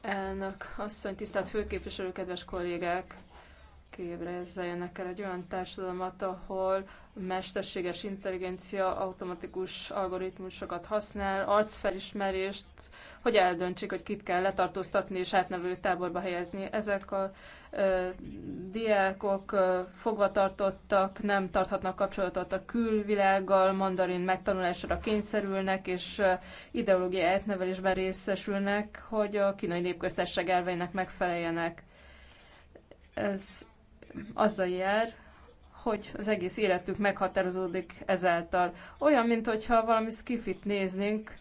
S3: elnök asszony, tisztelt főképviselő, kedves kollégák! képzeljenek el egy olyan társadalmat, ahol mesterséges intelligencia automatikus algoritmusokat használ, arcfelismerést, hogy eldöntsék, hogy kit kell letartóztatni és átnevelő táborba helyezni. Ezek a ö, diákok ö, fogvatartottak, nem tarthatnak kapcsolatot a külvilággal, mandarin megtanulásra kényszerülnek, és ideológiai átnevelésben részesülnek, hogy a kínai népköztársaság elveinek megfeleljenek ez azzal jár, hogy az egész életük meghatározódik ezáltal. Olyan, mintha valami skifit néznénk,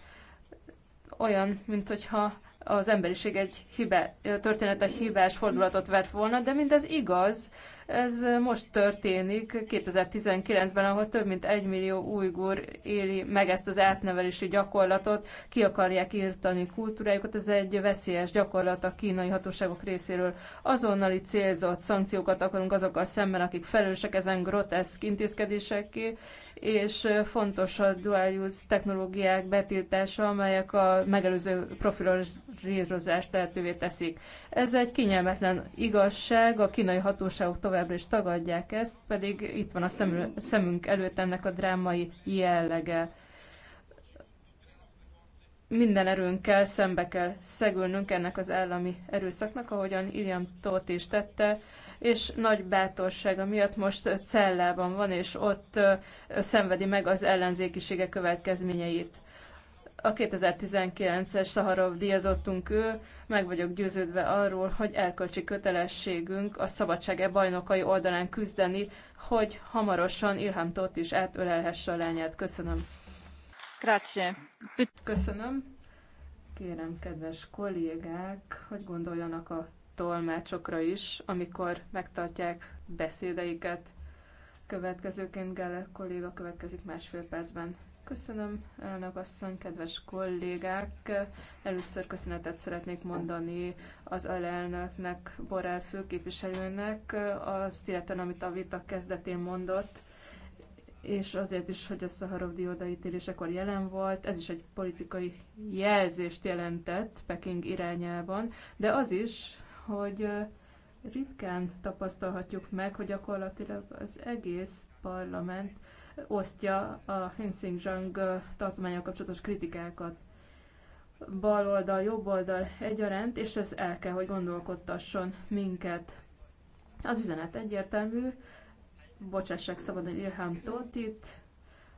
S3: olyan, mintha az emberiség egy hibe, története hibás fordulatot vett volna, de mindez igaz. Ez most történik 2019-ben, ahol több mint egy millió újgur éli meg ezt az átnevelési gyakorlatot, ki akarják írtani kultúrájukat, ez egy veszélyes gyakorlat a kínai hatóságok részéről. Azonnali célzott szankciókat akarunk azokkal szemben, akik felelősek ezen groteszk intézkedésekkel, és fontos a dual use technológiák betiltása, amelyek a megelőző profilozást lehetővé teszik. Ez egy kényelmetlen igazság, a kínai hatóságok továbbra is tagadják ezt, pedig itt van a szemünk előtt ennek a drámai jellege minden erőnkkel szembe kell szegülnünk ennek az állami erőszaknak, ahogyan Iliam Tóth is tette, és nagy bátorsága miatt most cellában van, és ott szenvedi meg az ellenzékisége következményeit. A 2019-es Szaharov díjazottunk ő, meg vagyok győződve arról, hogy erkölcsi kötelességünk a szabadság e bajnokai oldalán küzdeni, hogy hamarosan Ilham Tóth is átölelhesse a lányát. Köszönöm. Köszönöm. Kérem, kedves kollégák, hogy gondoljanak a tolmácsokra is, amikor megtartják beszédeiket. Következőként Geller kolléga következik másfél percben. Köszönöm, elnök asszony, kedves kollégák! Először köszönetet szeretnék mondani az alelnöknek, Borrell főképviselőnek, azt illetően, amit a vita kezdetén mondott és azért is, hogy a Szaharov diodaítélésekor jelen volt, ez is egy politikai jelzést jelentett Peking irányában, de az is, hogy ritkán tapasztalhatjuk meg, hogy gyakorlatilag az egész parlament osztja a Hinsing-Zhang tartományok kapcsolatos kritikákat. Baloldal, jobboldal egyaránt, és ez el kell, hogy gondolkodtasson minket. Az üzenet egyértelmű, bocsássák szabadon Ilham Tótit,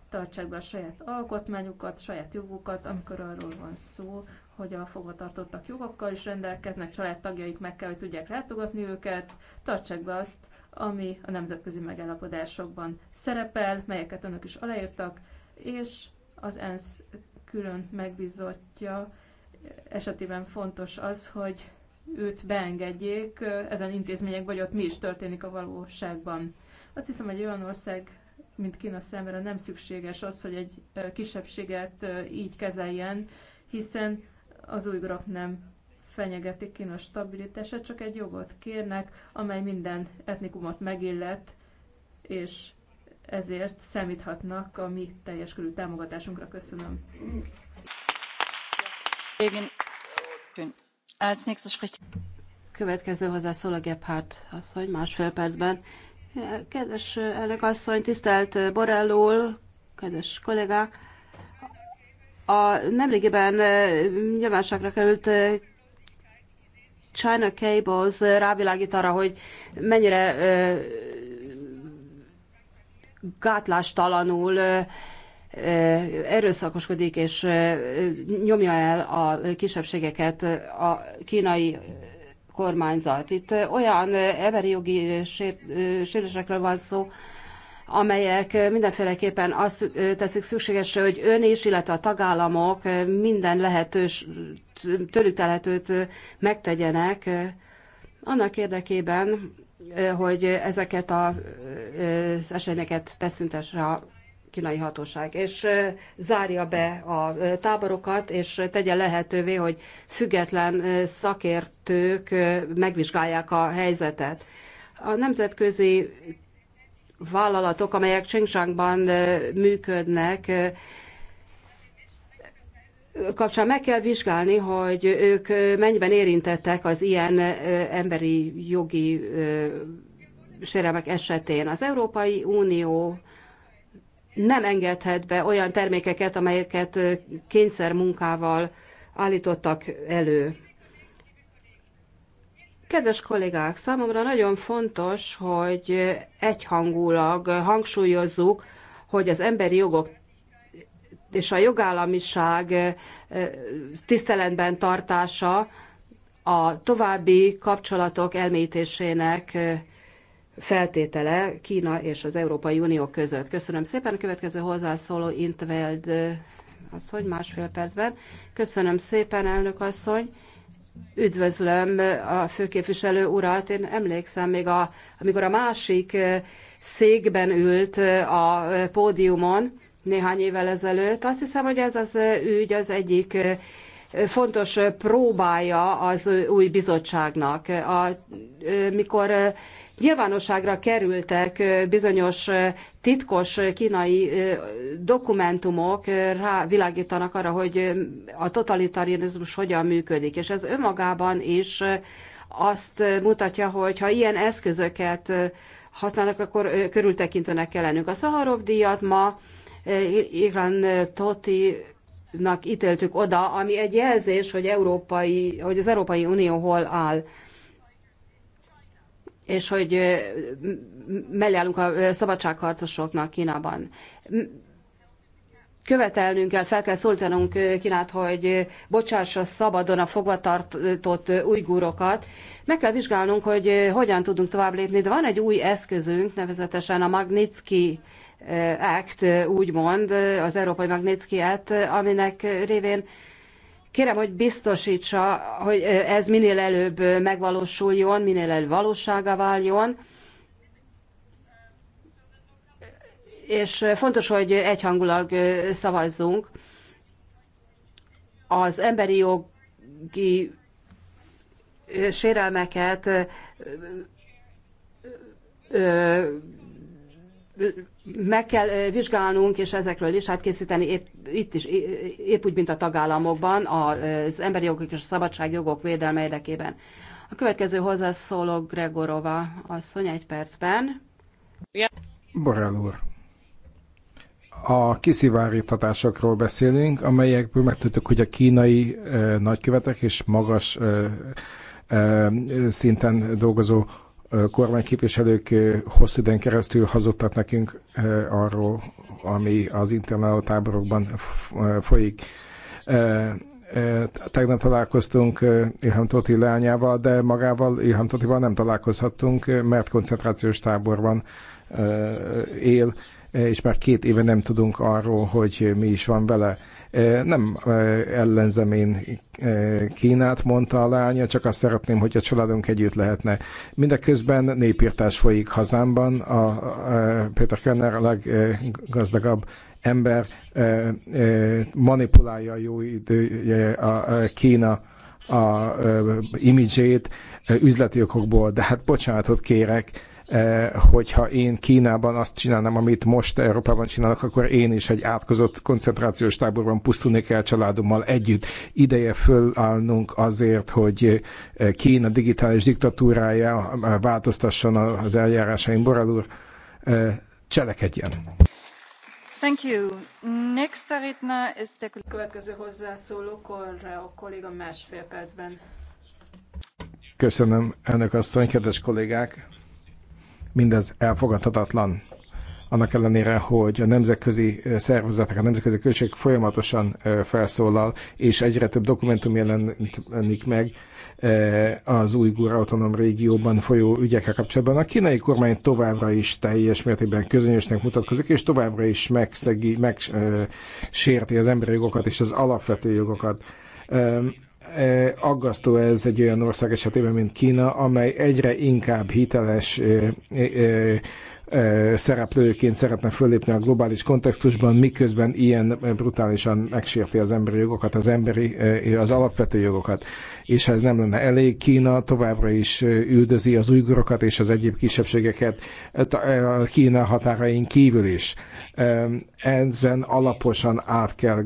S3: tartsák be a saját alkotmányukat, saját jogukat, amikor arról van szó, hogy a fogvatartottak jogokkal is rendelkeznek, családtagjaik meg kell, hogy tudják látogatni őket, tartsák be azt, ami a nemzetközi megállapodásokban szerepel, melyeket önök is aláírtak, és az ENSZ külön megbízottja esetében fontos az, hogy őt beengedjék ezen intézmények, vagy ott mi is történik a valóságban. Azt hiszem, hogy olyan ország, mint Kína számára nem szükséges az, hogy egy kisebbséget így kezeljen, hiszen az újgrok nem fenyegetik Kína stabilitását, csak egy jogot kérnek, amely minden etnikumot megillet, és ezért számíthatnak a mi teljes körű támogatásunkra. Köszönöm. Köszönöm.
S2: Következő hozzászól a Gebhardt asszony másfél percben. Kedves elnök asszony, tisztelt Borrellól kedves kollégák! A nemrégiben nyilvánosságra került China Cables rávilágít arra, hogy mennyire gátlástalanul erőszakoskodik és nyomja el a kisebbségeket a kínai kormányzat. Itt olyan emberi jogi sérülésekről van szó, amelyek mindenféleképpen azt teszik szükséges, hogy ön is, illetve a tagállamok minden lehetős, tőlük telhetőt megtegyenek annak érdekében, hogy ezeket az eseményeket beszüntesse a kínai hatóság, és zárja be a táborokat, és tegye lehetővé, hogy független szakértők megvizsgálják a helyzetet. A nemzetközi vállalatok, amelyek Csingsangban működnek, kapcsán meg kell vizsgálni, hogy ők mennyiben érintettek az ilyen emberi jogi sérelmek esetén. Az Európai Unió nem engedhet be olyan termékeket, amelyeket kényszer munkával állítottak elő. Kedves kollégák, számomra nagyon fontos, hogy egyhangulag hangsúlyozzuk, hogy az emberi jogok és a jogállamiság tiszteletben tartása a további kapcsolatok elmélyítésének feltétele Kína és az Európai Unió között. Köszönöm szépen. A következő hozzászóló Intveld asszony másfél percben. Köszönöm szépen, elnök asszony. Üdvözlöm a főképviselő urat. Én emlékszem még, a, amikor a másik székben ült a pódiumon néhány évvel ezelőtt. Azt hiszem, hogy ez az ügy az egyik fontos próbája az új bizottságnak. A, mikor nyilvánosságra kerültek bizonyos titkos kínai dokumentumok rávilágítanak arra, hogy a totalitarizmus hogyan működik, és ez önmagában is azt mutatja, hogy ha ilyen eszközöket használnak, akkor körültekintőnek kell lennünk. A Szaharov díjat ma Iran Toti ítéltük oda, ami egy jelzés, hogy, európai, hogy az Európai Unió hol áll és hogy mellé állunk a szabadságharcosoknak Kínában. Követelnünk kell, fel kell szólítanunk Kínát, hogy bocsássa szabadon a fogvatartott újgúrokat. Meg kell vizsgálnunk, hogy hogyan tudunk tovább lépni, de van egy új eszközünk, nevezetesen a Magnitsky Act, úgymond, az Európai Magnitsky Act, aminek révén Kérem, hogy biztosítsa, hogy ez minél előbb megvalósuljon, minél előbb valósága váljon. És fontos, hogy egyhangulag szavazzunk. Az emberi jogi sérelmeket meg kell vizsgálnunk, és ezekről is hát készíteni épp, itt is, épp úgy, mint a tagállamokban, az emberi jogok és a szabadságjogok védelme érdekében. A következő hozzászóló Gregorova asszony egy percben.
S1: Borrell úr, a kiszivárítatásokról beszélünk, amelyekből megtudtuk, hogy a kínai eh, nagykövetek és magas eh, eh, szinten dolgozó kormányképviselők hosszú időn keresztül hazudtak nekünk arról, ami az internáló táborokban folyik. Tegnap találkoztunk Ilham Toti leányával, de magával Ilham Totival nem találkozhattunk, mert koncentrációs táborban él és már két éve nem tudunk arról, hogy mi is van vele. Nem ellenzem én Kínát, mondta a lánya, csak azt szeretném, hogy a családunk együtt lehetne. Mindeközben népírtás folyik hazámban, a Péter Kenner a leggazdagabb ember manipulálja a jó idő, a Kína a imidzsét üzleti okokból, de hát bocsánatot kérek, Eh, hogyha én Kínában azt csinálnám, amit most Európában csinálok, akkor én is egy átkozott koncentrációs táborban pusztulnék el családommal együtt. Ideje fölállnunk azért, hogy eh, Kína digitális diktatúrája eh, változtasson az eljárásaim. Borrell úr, cselekedjen!
S3: Thank you. Next is the... Következő hozzászóló Korra, a kolléga másfél percben.
S1: Köszönöm, elnök asszony, kedves kollégák! Mindez elfogadhatatlan. Annak ellenére, hogy a nemzetközi szervezetek, a nemzetközi közösség folyamatosan felszólal, és egyre több dokumentum jelenik meg az újgur autonóm régióban folyó ügyekkel kapcsolatban. A kínai kormány továbbra is teljes mértékben közönösnek mutatkozik, és továbbra is megszegi, megsérti az emberi jogokat és az alapvető jogokat E, aggasztó ez egy olyan ország esetében, mint Kína, amely egyre inkább hiteles e, e, szereplőként szeretne fölépni a globális kontextusban, miközben ilyen brutálisan megsérti az emberi jogokat, az emberi, az alapvető jogokat és ez nem lenne elég, Kína továbbra is üldözi az ujgurokat és az egyéb kisebbségeket a Kína határain kívül is. Ezen alaposan át kell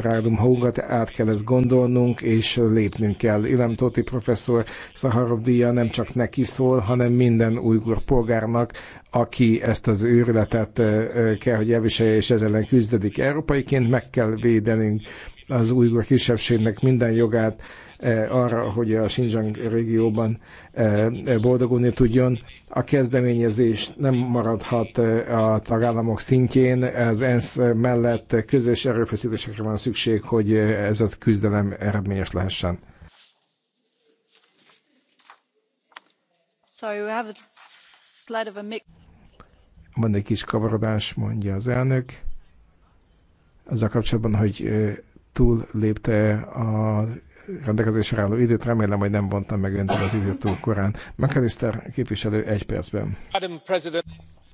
S1: rádum hógat, át kell ezt gondolnunk, és lépnünk kell. Ilem Tóti professzor Szaharov díja nem csak neki szól, hanem minden ujgur polgárnak, aki ezt az őrületet kell, hogy elviselje, és ezzel ellen küzdedik. Európaiként meg kell védenünk az ujgur kisebbségnek minden jogát, E, arra, hogy a Xinjiang régióban e, e, boldogulni tudjon. A kezdeményezés nem maradhat a tagállamok szintjén, az ENSZ mellett közös erőfeszítésekre van szükség, hogy ez a küzdelem eredményes lehessen.
S2: have a of a mix.
S1: Van egy kis kavarodás, mondja az elnök. Azzal kapcsolatban, hogy túl lépte a rendelkezésre álló időt. Remélem, hogy nem vontam meg öntől az időt túl korán. McAllister képviselő egy percben.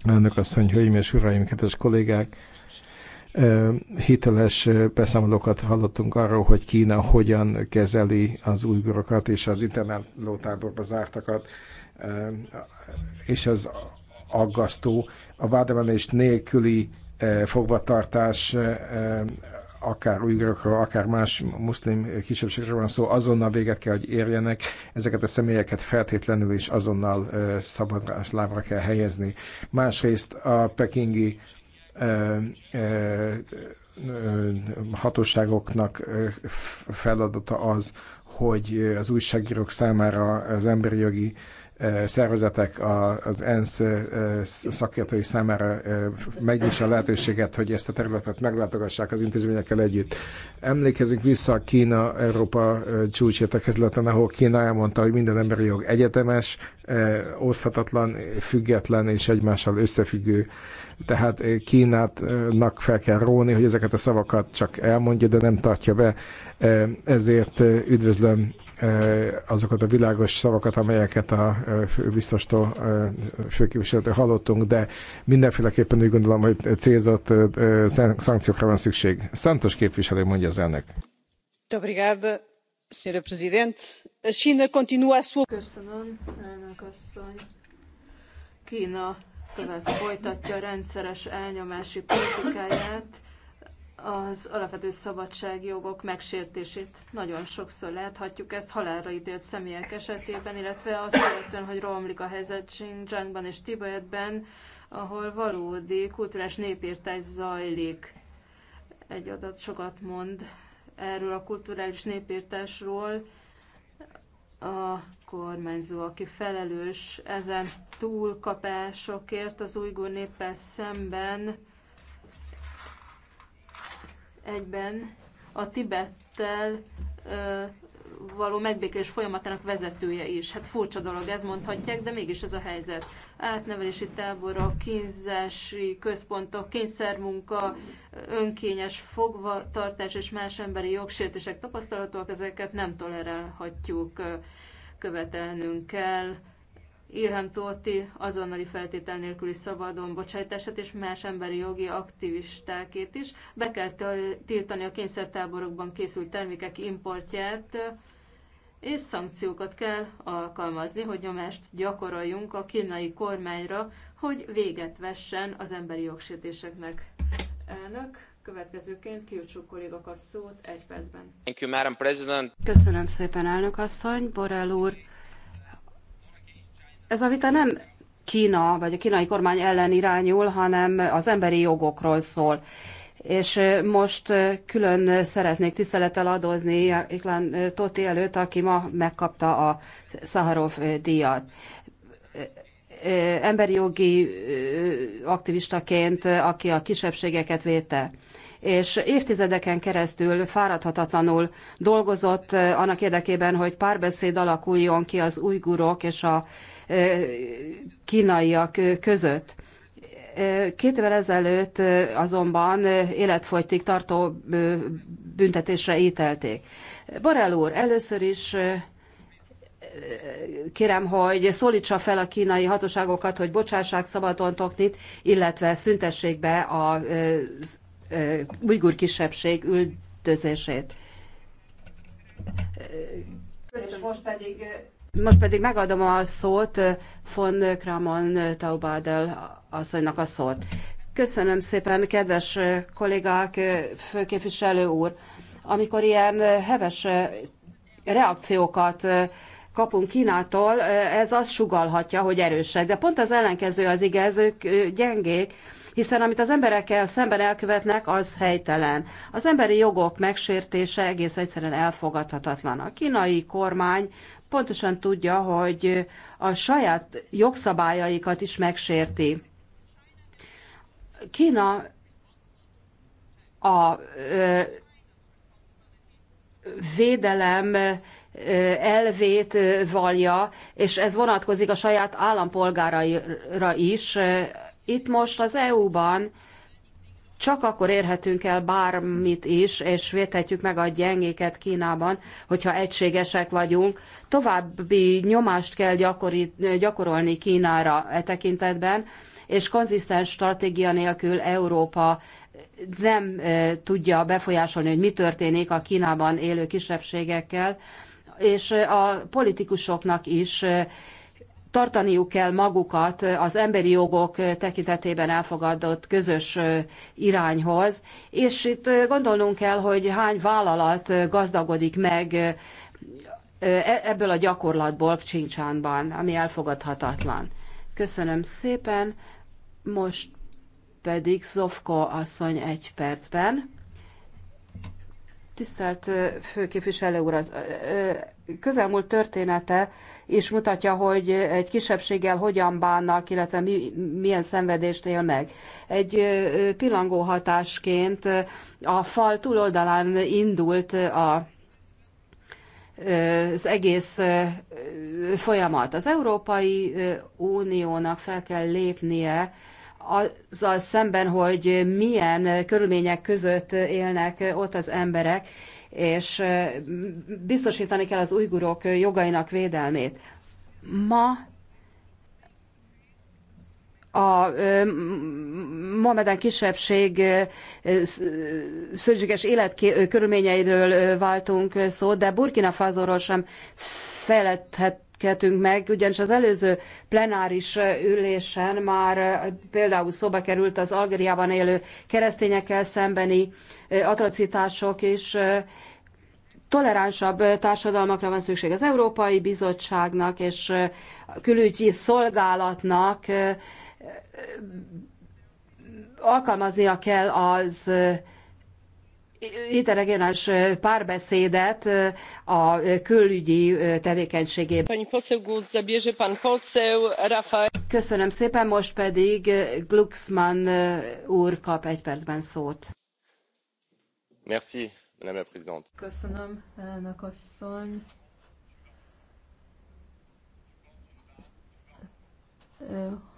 S1: Elnök asszony, hölgyeim és uraim, kedves kollégák! hiteles beszámolókat hallottunk arról, hogy Kína hogyan kezeli az újgorokat és az internálótáborba zártakat, és ez aggasztó. A vádemelés nélküli fogvatartás akár ujgrokról, akár más muszlim kisebbségről van szó, azonnal véget kell, hogy érjenek. Ezeket a személyeket feltétlenül is azonnal szabadra lábra kell helyezni. Másrészt a pekingi hatóságoknak feladata az, hogy az újságírók számára az emberi jogi szervezetek az ENSZ szakértői számára megnyissa a lehetőséget, hogy ezt a területet meglátogassák az intézményekkel együtt. Emlékezünk vissza a Kína-Európa csúcsértekezleten, ahol Kína elmondta, hogy minden emberi jog egyetemes, oszthatatlan, független és egymással összefüggő. Tehát Kínátnak fel kell róni, hogy ezeket a szavakat csak elmondja, de nem tartja be. Ezért üdvözlöm azokat a világos szavakat, amelyeket a biztostól főképviselőtő hallottunk, de mindenféleképpen úgy gondolom, hogy célzott szankciókra van szükség. Szántos képviselő mondja az elnök.
S3: Köszönöm, elnök asszony. Kína tovább folytatja a rendszeres elnyomási politikáját az alapvető szabadságjogok megsértését. Nagyon sokszor láthatjuk ezt halálra ítélt személyek esetében, illetve azt jelenti, hogy romlik a helyzet Xinjiangban és Tibetben, ahol valódi kulturális népírtás zajlik. Egy adat sokat mond erről a kulturális népírtásról. A kormányzó, aki felelős ezen túlkapásokért az újgó néppel szemben, egyben a Tibettel ö, való megbékélés folyamatának vezetője is. Hát furcsa dolog, ez mondhatják, de mégis ez a helyzet. Átnevelési táborok, kínzási központok, kényszermunka, önkényes fogvatartás és más emberi jogsértések tapasztalatok, ezeket nem tolerálhatjuk, követelnünk kell Irham Tóti azonnali feltétel nélküli szabadon bocsájtását és más emberi jogi aktivistákét is. Be kell tiltani a kényszertáborokban készült termékek importját, és szankciókat kell alkalmazni, hogy nyomást gyakoroljunk a kínai kormányra, hogy véget vessen az emberi jogsértéseknek. Elnök, következőként Kiucsú kolléga kap szót egy percben.
S2: Thank you, Madam President.
S3: Köszönöm szépen,
S2: elnök asszony, Borrell úr. Ez a vita nem Kína vagy a kínai kormány ellen irányul, hanem az emberi jogokról szól. És most külön szeretnék tisztelettel adózni Iklán Toti előtt, aki ma megkapta a Szaharov díjat. Emberi jogi aktivistaként, aki a kisebbségeket védte és évtizedeken keresztül fáradhatatlanul dolgozott annak érdekében, hogy párbeszéd alakuljon ki az ujgurok és a kínaiak között. Két évvel ezelőtt azonban életfogytig tartó büntetésre ítelték. Borel úr, először is kérem, hogy szólítsa fel a kínai hatóságokat, hogy bocsássák szabadon Toknit, illetve szüntessék be a ujgur kisebbség üldözését. Köszönöm. És most pedig most pedig megadom a szót von Kramon Taubadel asszonynak a szót. Köszönöm szépen, kedves kollégák, főképviselő úr. Amikor ilyen heves reakciókat kapunk Kínától, ez azt sugalhatja, hogy erősek. De pont az ellenkező az igaz, ők gyengék, hiszen amit az emberekkel szemben elkövetnek, az helytelen. Az emberi jogok megsértése egész egyszerűen elfogadhatatlan. A kínai kormány pontosan tudja, hogy a saját jogszabályaikat is megsérti. Kína a védelem elvét valja, és ez vonatkozik a saját állampolgáraira is. Itt most az EU-ban csak akkor érhetünk el bármit is, és védhetjük meg a gyengéket Kínában, hogyha egységesek vagyunk. További nyomást kell gyakori, gyakorolni Kínára e tekintetben, és konzisztens stratégia nélkül Európa nem e, tudja befolyásolni, hogy mi történik a Kínában élő kisebbségekkel, és e, a politikusoknak is e, tartaniuk kell magukat az emberi jogok tekintetében elfogadott közös irányhoz, és itt gondolnunk kell, hogy hány vállalat gazdagodik meg e, ebből a gyakorlatból Csincsánban, ami elfogadhatatlan. Köszönöm szépen, most pedig Zofko asszony egy percben. Tisztelt főképviselő úr, az közelmúlt története is mutatja, hogy egy kisebbséggel hogyan bánnak, illetve mi, milyen szenvedést él meg. Egy pillangó hatásként a fal túloldalán indult a az egész folyamat. Az Európai Uniónak fel kell lépnie, azzal szemben, hogy milyen körülmények között élnek ott az emberek, és biztosítani kell az ujgurok jogainak védelmét. Ma a Mohamedán kisebbség szörnyűséges életkörülményeiről váltunk szó, de Burkina Fasoról sem feledhet ketünk meg, ugyanis az előző plenáris ülésen már például szóba került az Algériában élő keresztényekkel szembeni atrocitások, és toleránsabb társadalmakra van szükség. Az Európai Bizottságnak és a külügyi szolgálatnak alkalmaznia kell az interregionális párbeszédet a külügyi tevékenységében. Köszönöm szépen, most pedig Glucksmann úr kap egy percben szót.
S3: Merci, madame la présidente. Köszönöm, elnök asszony.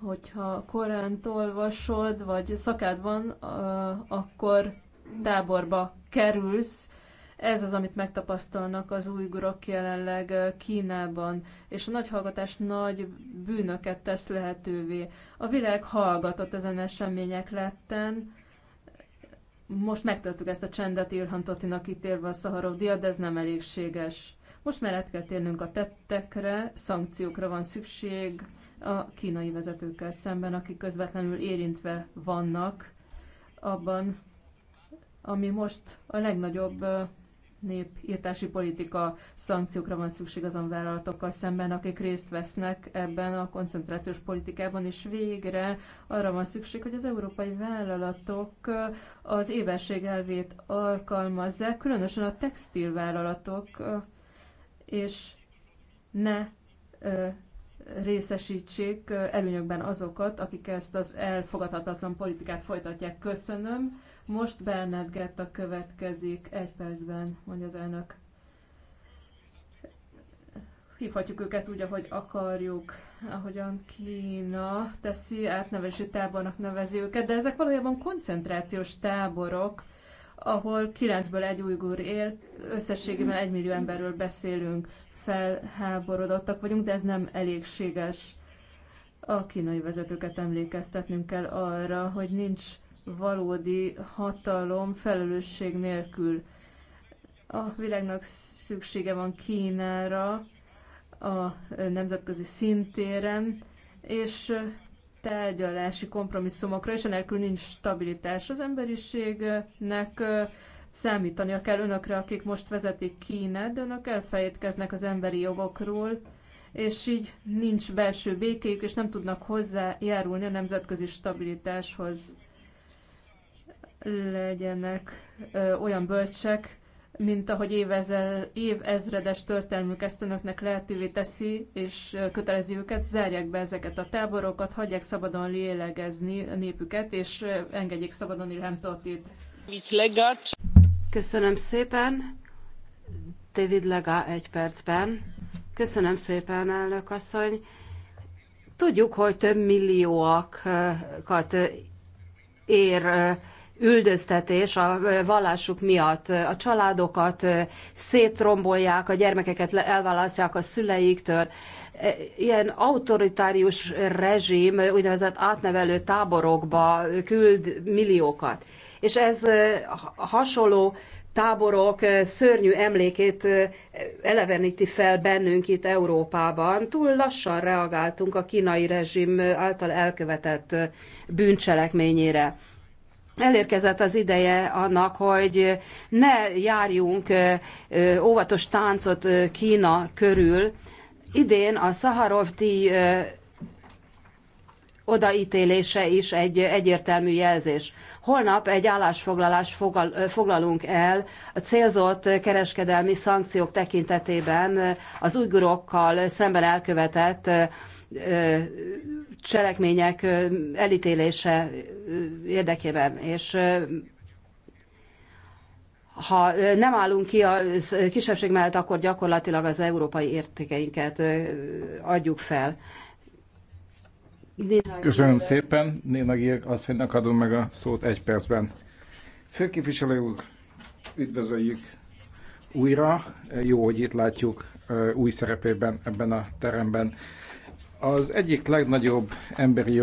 S3: Hogyha Koránt olvasod, vagy szakád van, akkor táborba kerülsz. Ez az, amit megtapasztalnak az újgurok jelenleg Kínában, és a nagy hallgatás nagy bűnöket tesz lehetővé. A világ hallgatott ezen események letten, most megtörtük ezt a csendet Ilhan Totinak ítélve a Szaharov díjat, de ez nem elégséges. Most már át kell térnünk a tettekre, szankciókra van szükség a kínai vezetőkkel szemben, akik közvetlenül érintve vannak abban, ami most a legnagyobb népírtási politika szankciókra van szükség azon vállalatokkal szemben, akik részt vesznek ebben a koncentrációs politikában, és végre arra van szükség, hogy az európai vállalatok az éberség elvét alkalmazzák, különösen a textilvállalatok, és ne részesítsék előnyökben azokat, akik ezt az elfogadhatatlan politikát folytatják. Köszönöm. Most Bernard Getta következik egy percben, mondja az elnök. Hívhatjuk őket úgy, ahogy akarjuk, ahogyan Kína teszi, átnevezési tábornak nevezi őket, de ezek valójában koncentrációs táborok, ahol 9-ből egy újgur él, összességében egy millió emberről beszélünk, felháborodottak vagyunk, de ez nem elégséges. A kínai vezetőket emlékeztetnünk kell arra, hogy nincs valódi hatalom felelősség nélkül. A világnak szüksége van Kínára, a nemzetközi szintéren, és tárgyalási kompromisszumokra, és enélkül nincs stabilitás az emberiségnek. Számítania kell önökre, akik most vezetik Kínát, de önök elfejétkeznek az emberi jogokról, és így nincs belső békéjük, és nem tudnak hozzájárulni a nemzetközi stabilitáshoz legyenek ö, olyan bölcsek, mint ahogy évezel, évezredes történelmük ezt önöknek lehetővé teszi, és kötelezi őket, zárják be ezeket a táborokat, hagyják szabadon lélegezni a népüket, és engedjék szabadon Ilhemtortit. Köszönöm szépen.
S2: David Lega egy percben. Köszönöm szépen, elnök asszony. Tudjuk, hogy több millióakat ér üldöztetés a vallásuk miatt. A családokat szétrombolják, a gyermekeket elválasztják a szüleiktől. E, ilyen autoritárius rezsim úgynevezett átnevelő táborokba küld milliókat. És ez hasonló táborok szörnyű emlékét eleveníti fel bennünk itt Európában. Túl lassan reagáltunk a kínai rezsim által elkövetett bűncselekményére elérkezett az ideje annak, hogy ne járjunk óvatos táncot Kína körül. Idén a Szaharovti odaítélése is egy egyértelmű jelzés. Holnap egy állásfoglalást foglalunk el a célzott kereskedelmi szankciók tekintetében az ujgurokkal szemben elkövetett cselekmények elítélése érdekében, és ha nem állunk ki a kisebbség mellett, akkor gyakorlatilag az európai értékeinket adjuk fel. Köszönöm
S1: szépen. Néna Gél asszonynak adom meg a szót egy percben. Főképviselő úr, üdvözöljük újra. Jó, hogy itt látjuk új szerepében ebben a teremben. Az egyik legnagyobb emberi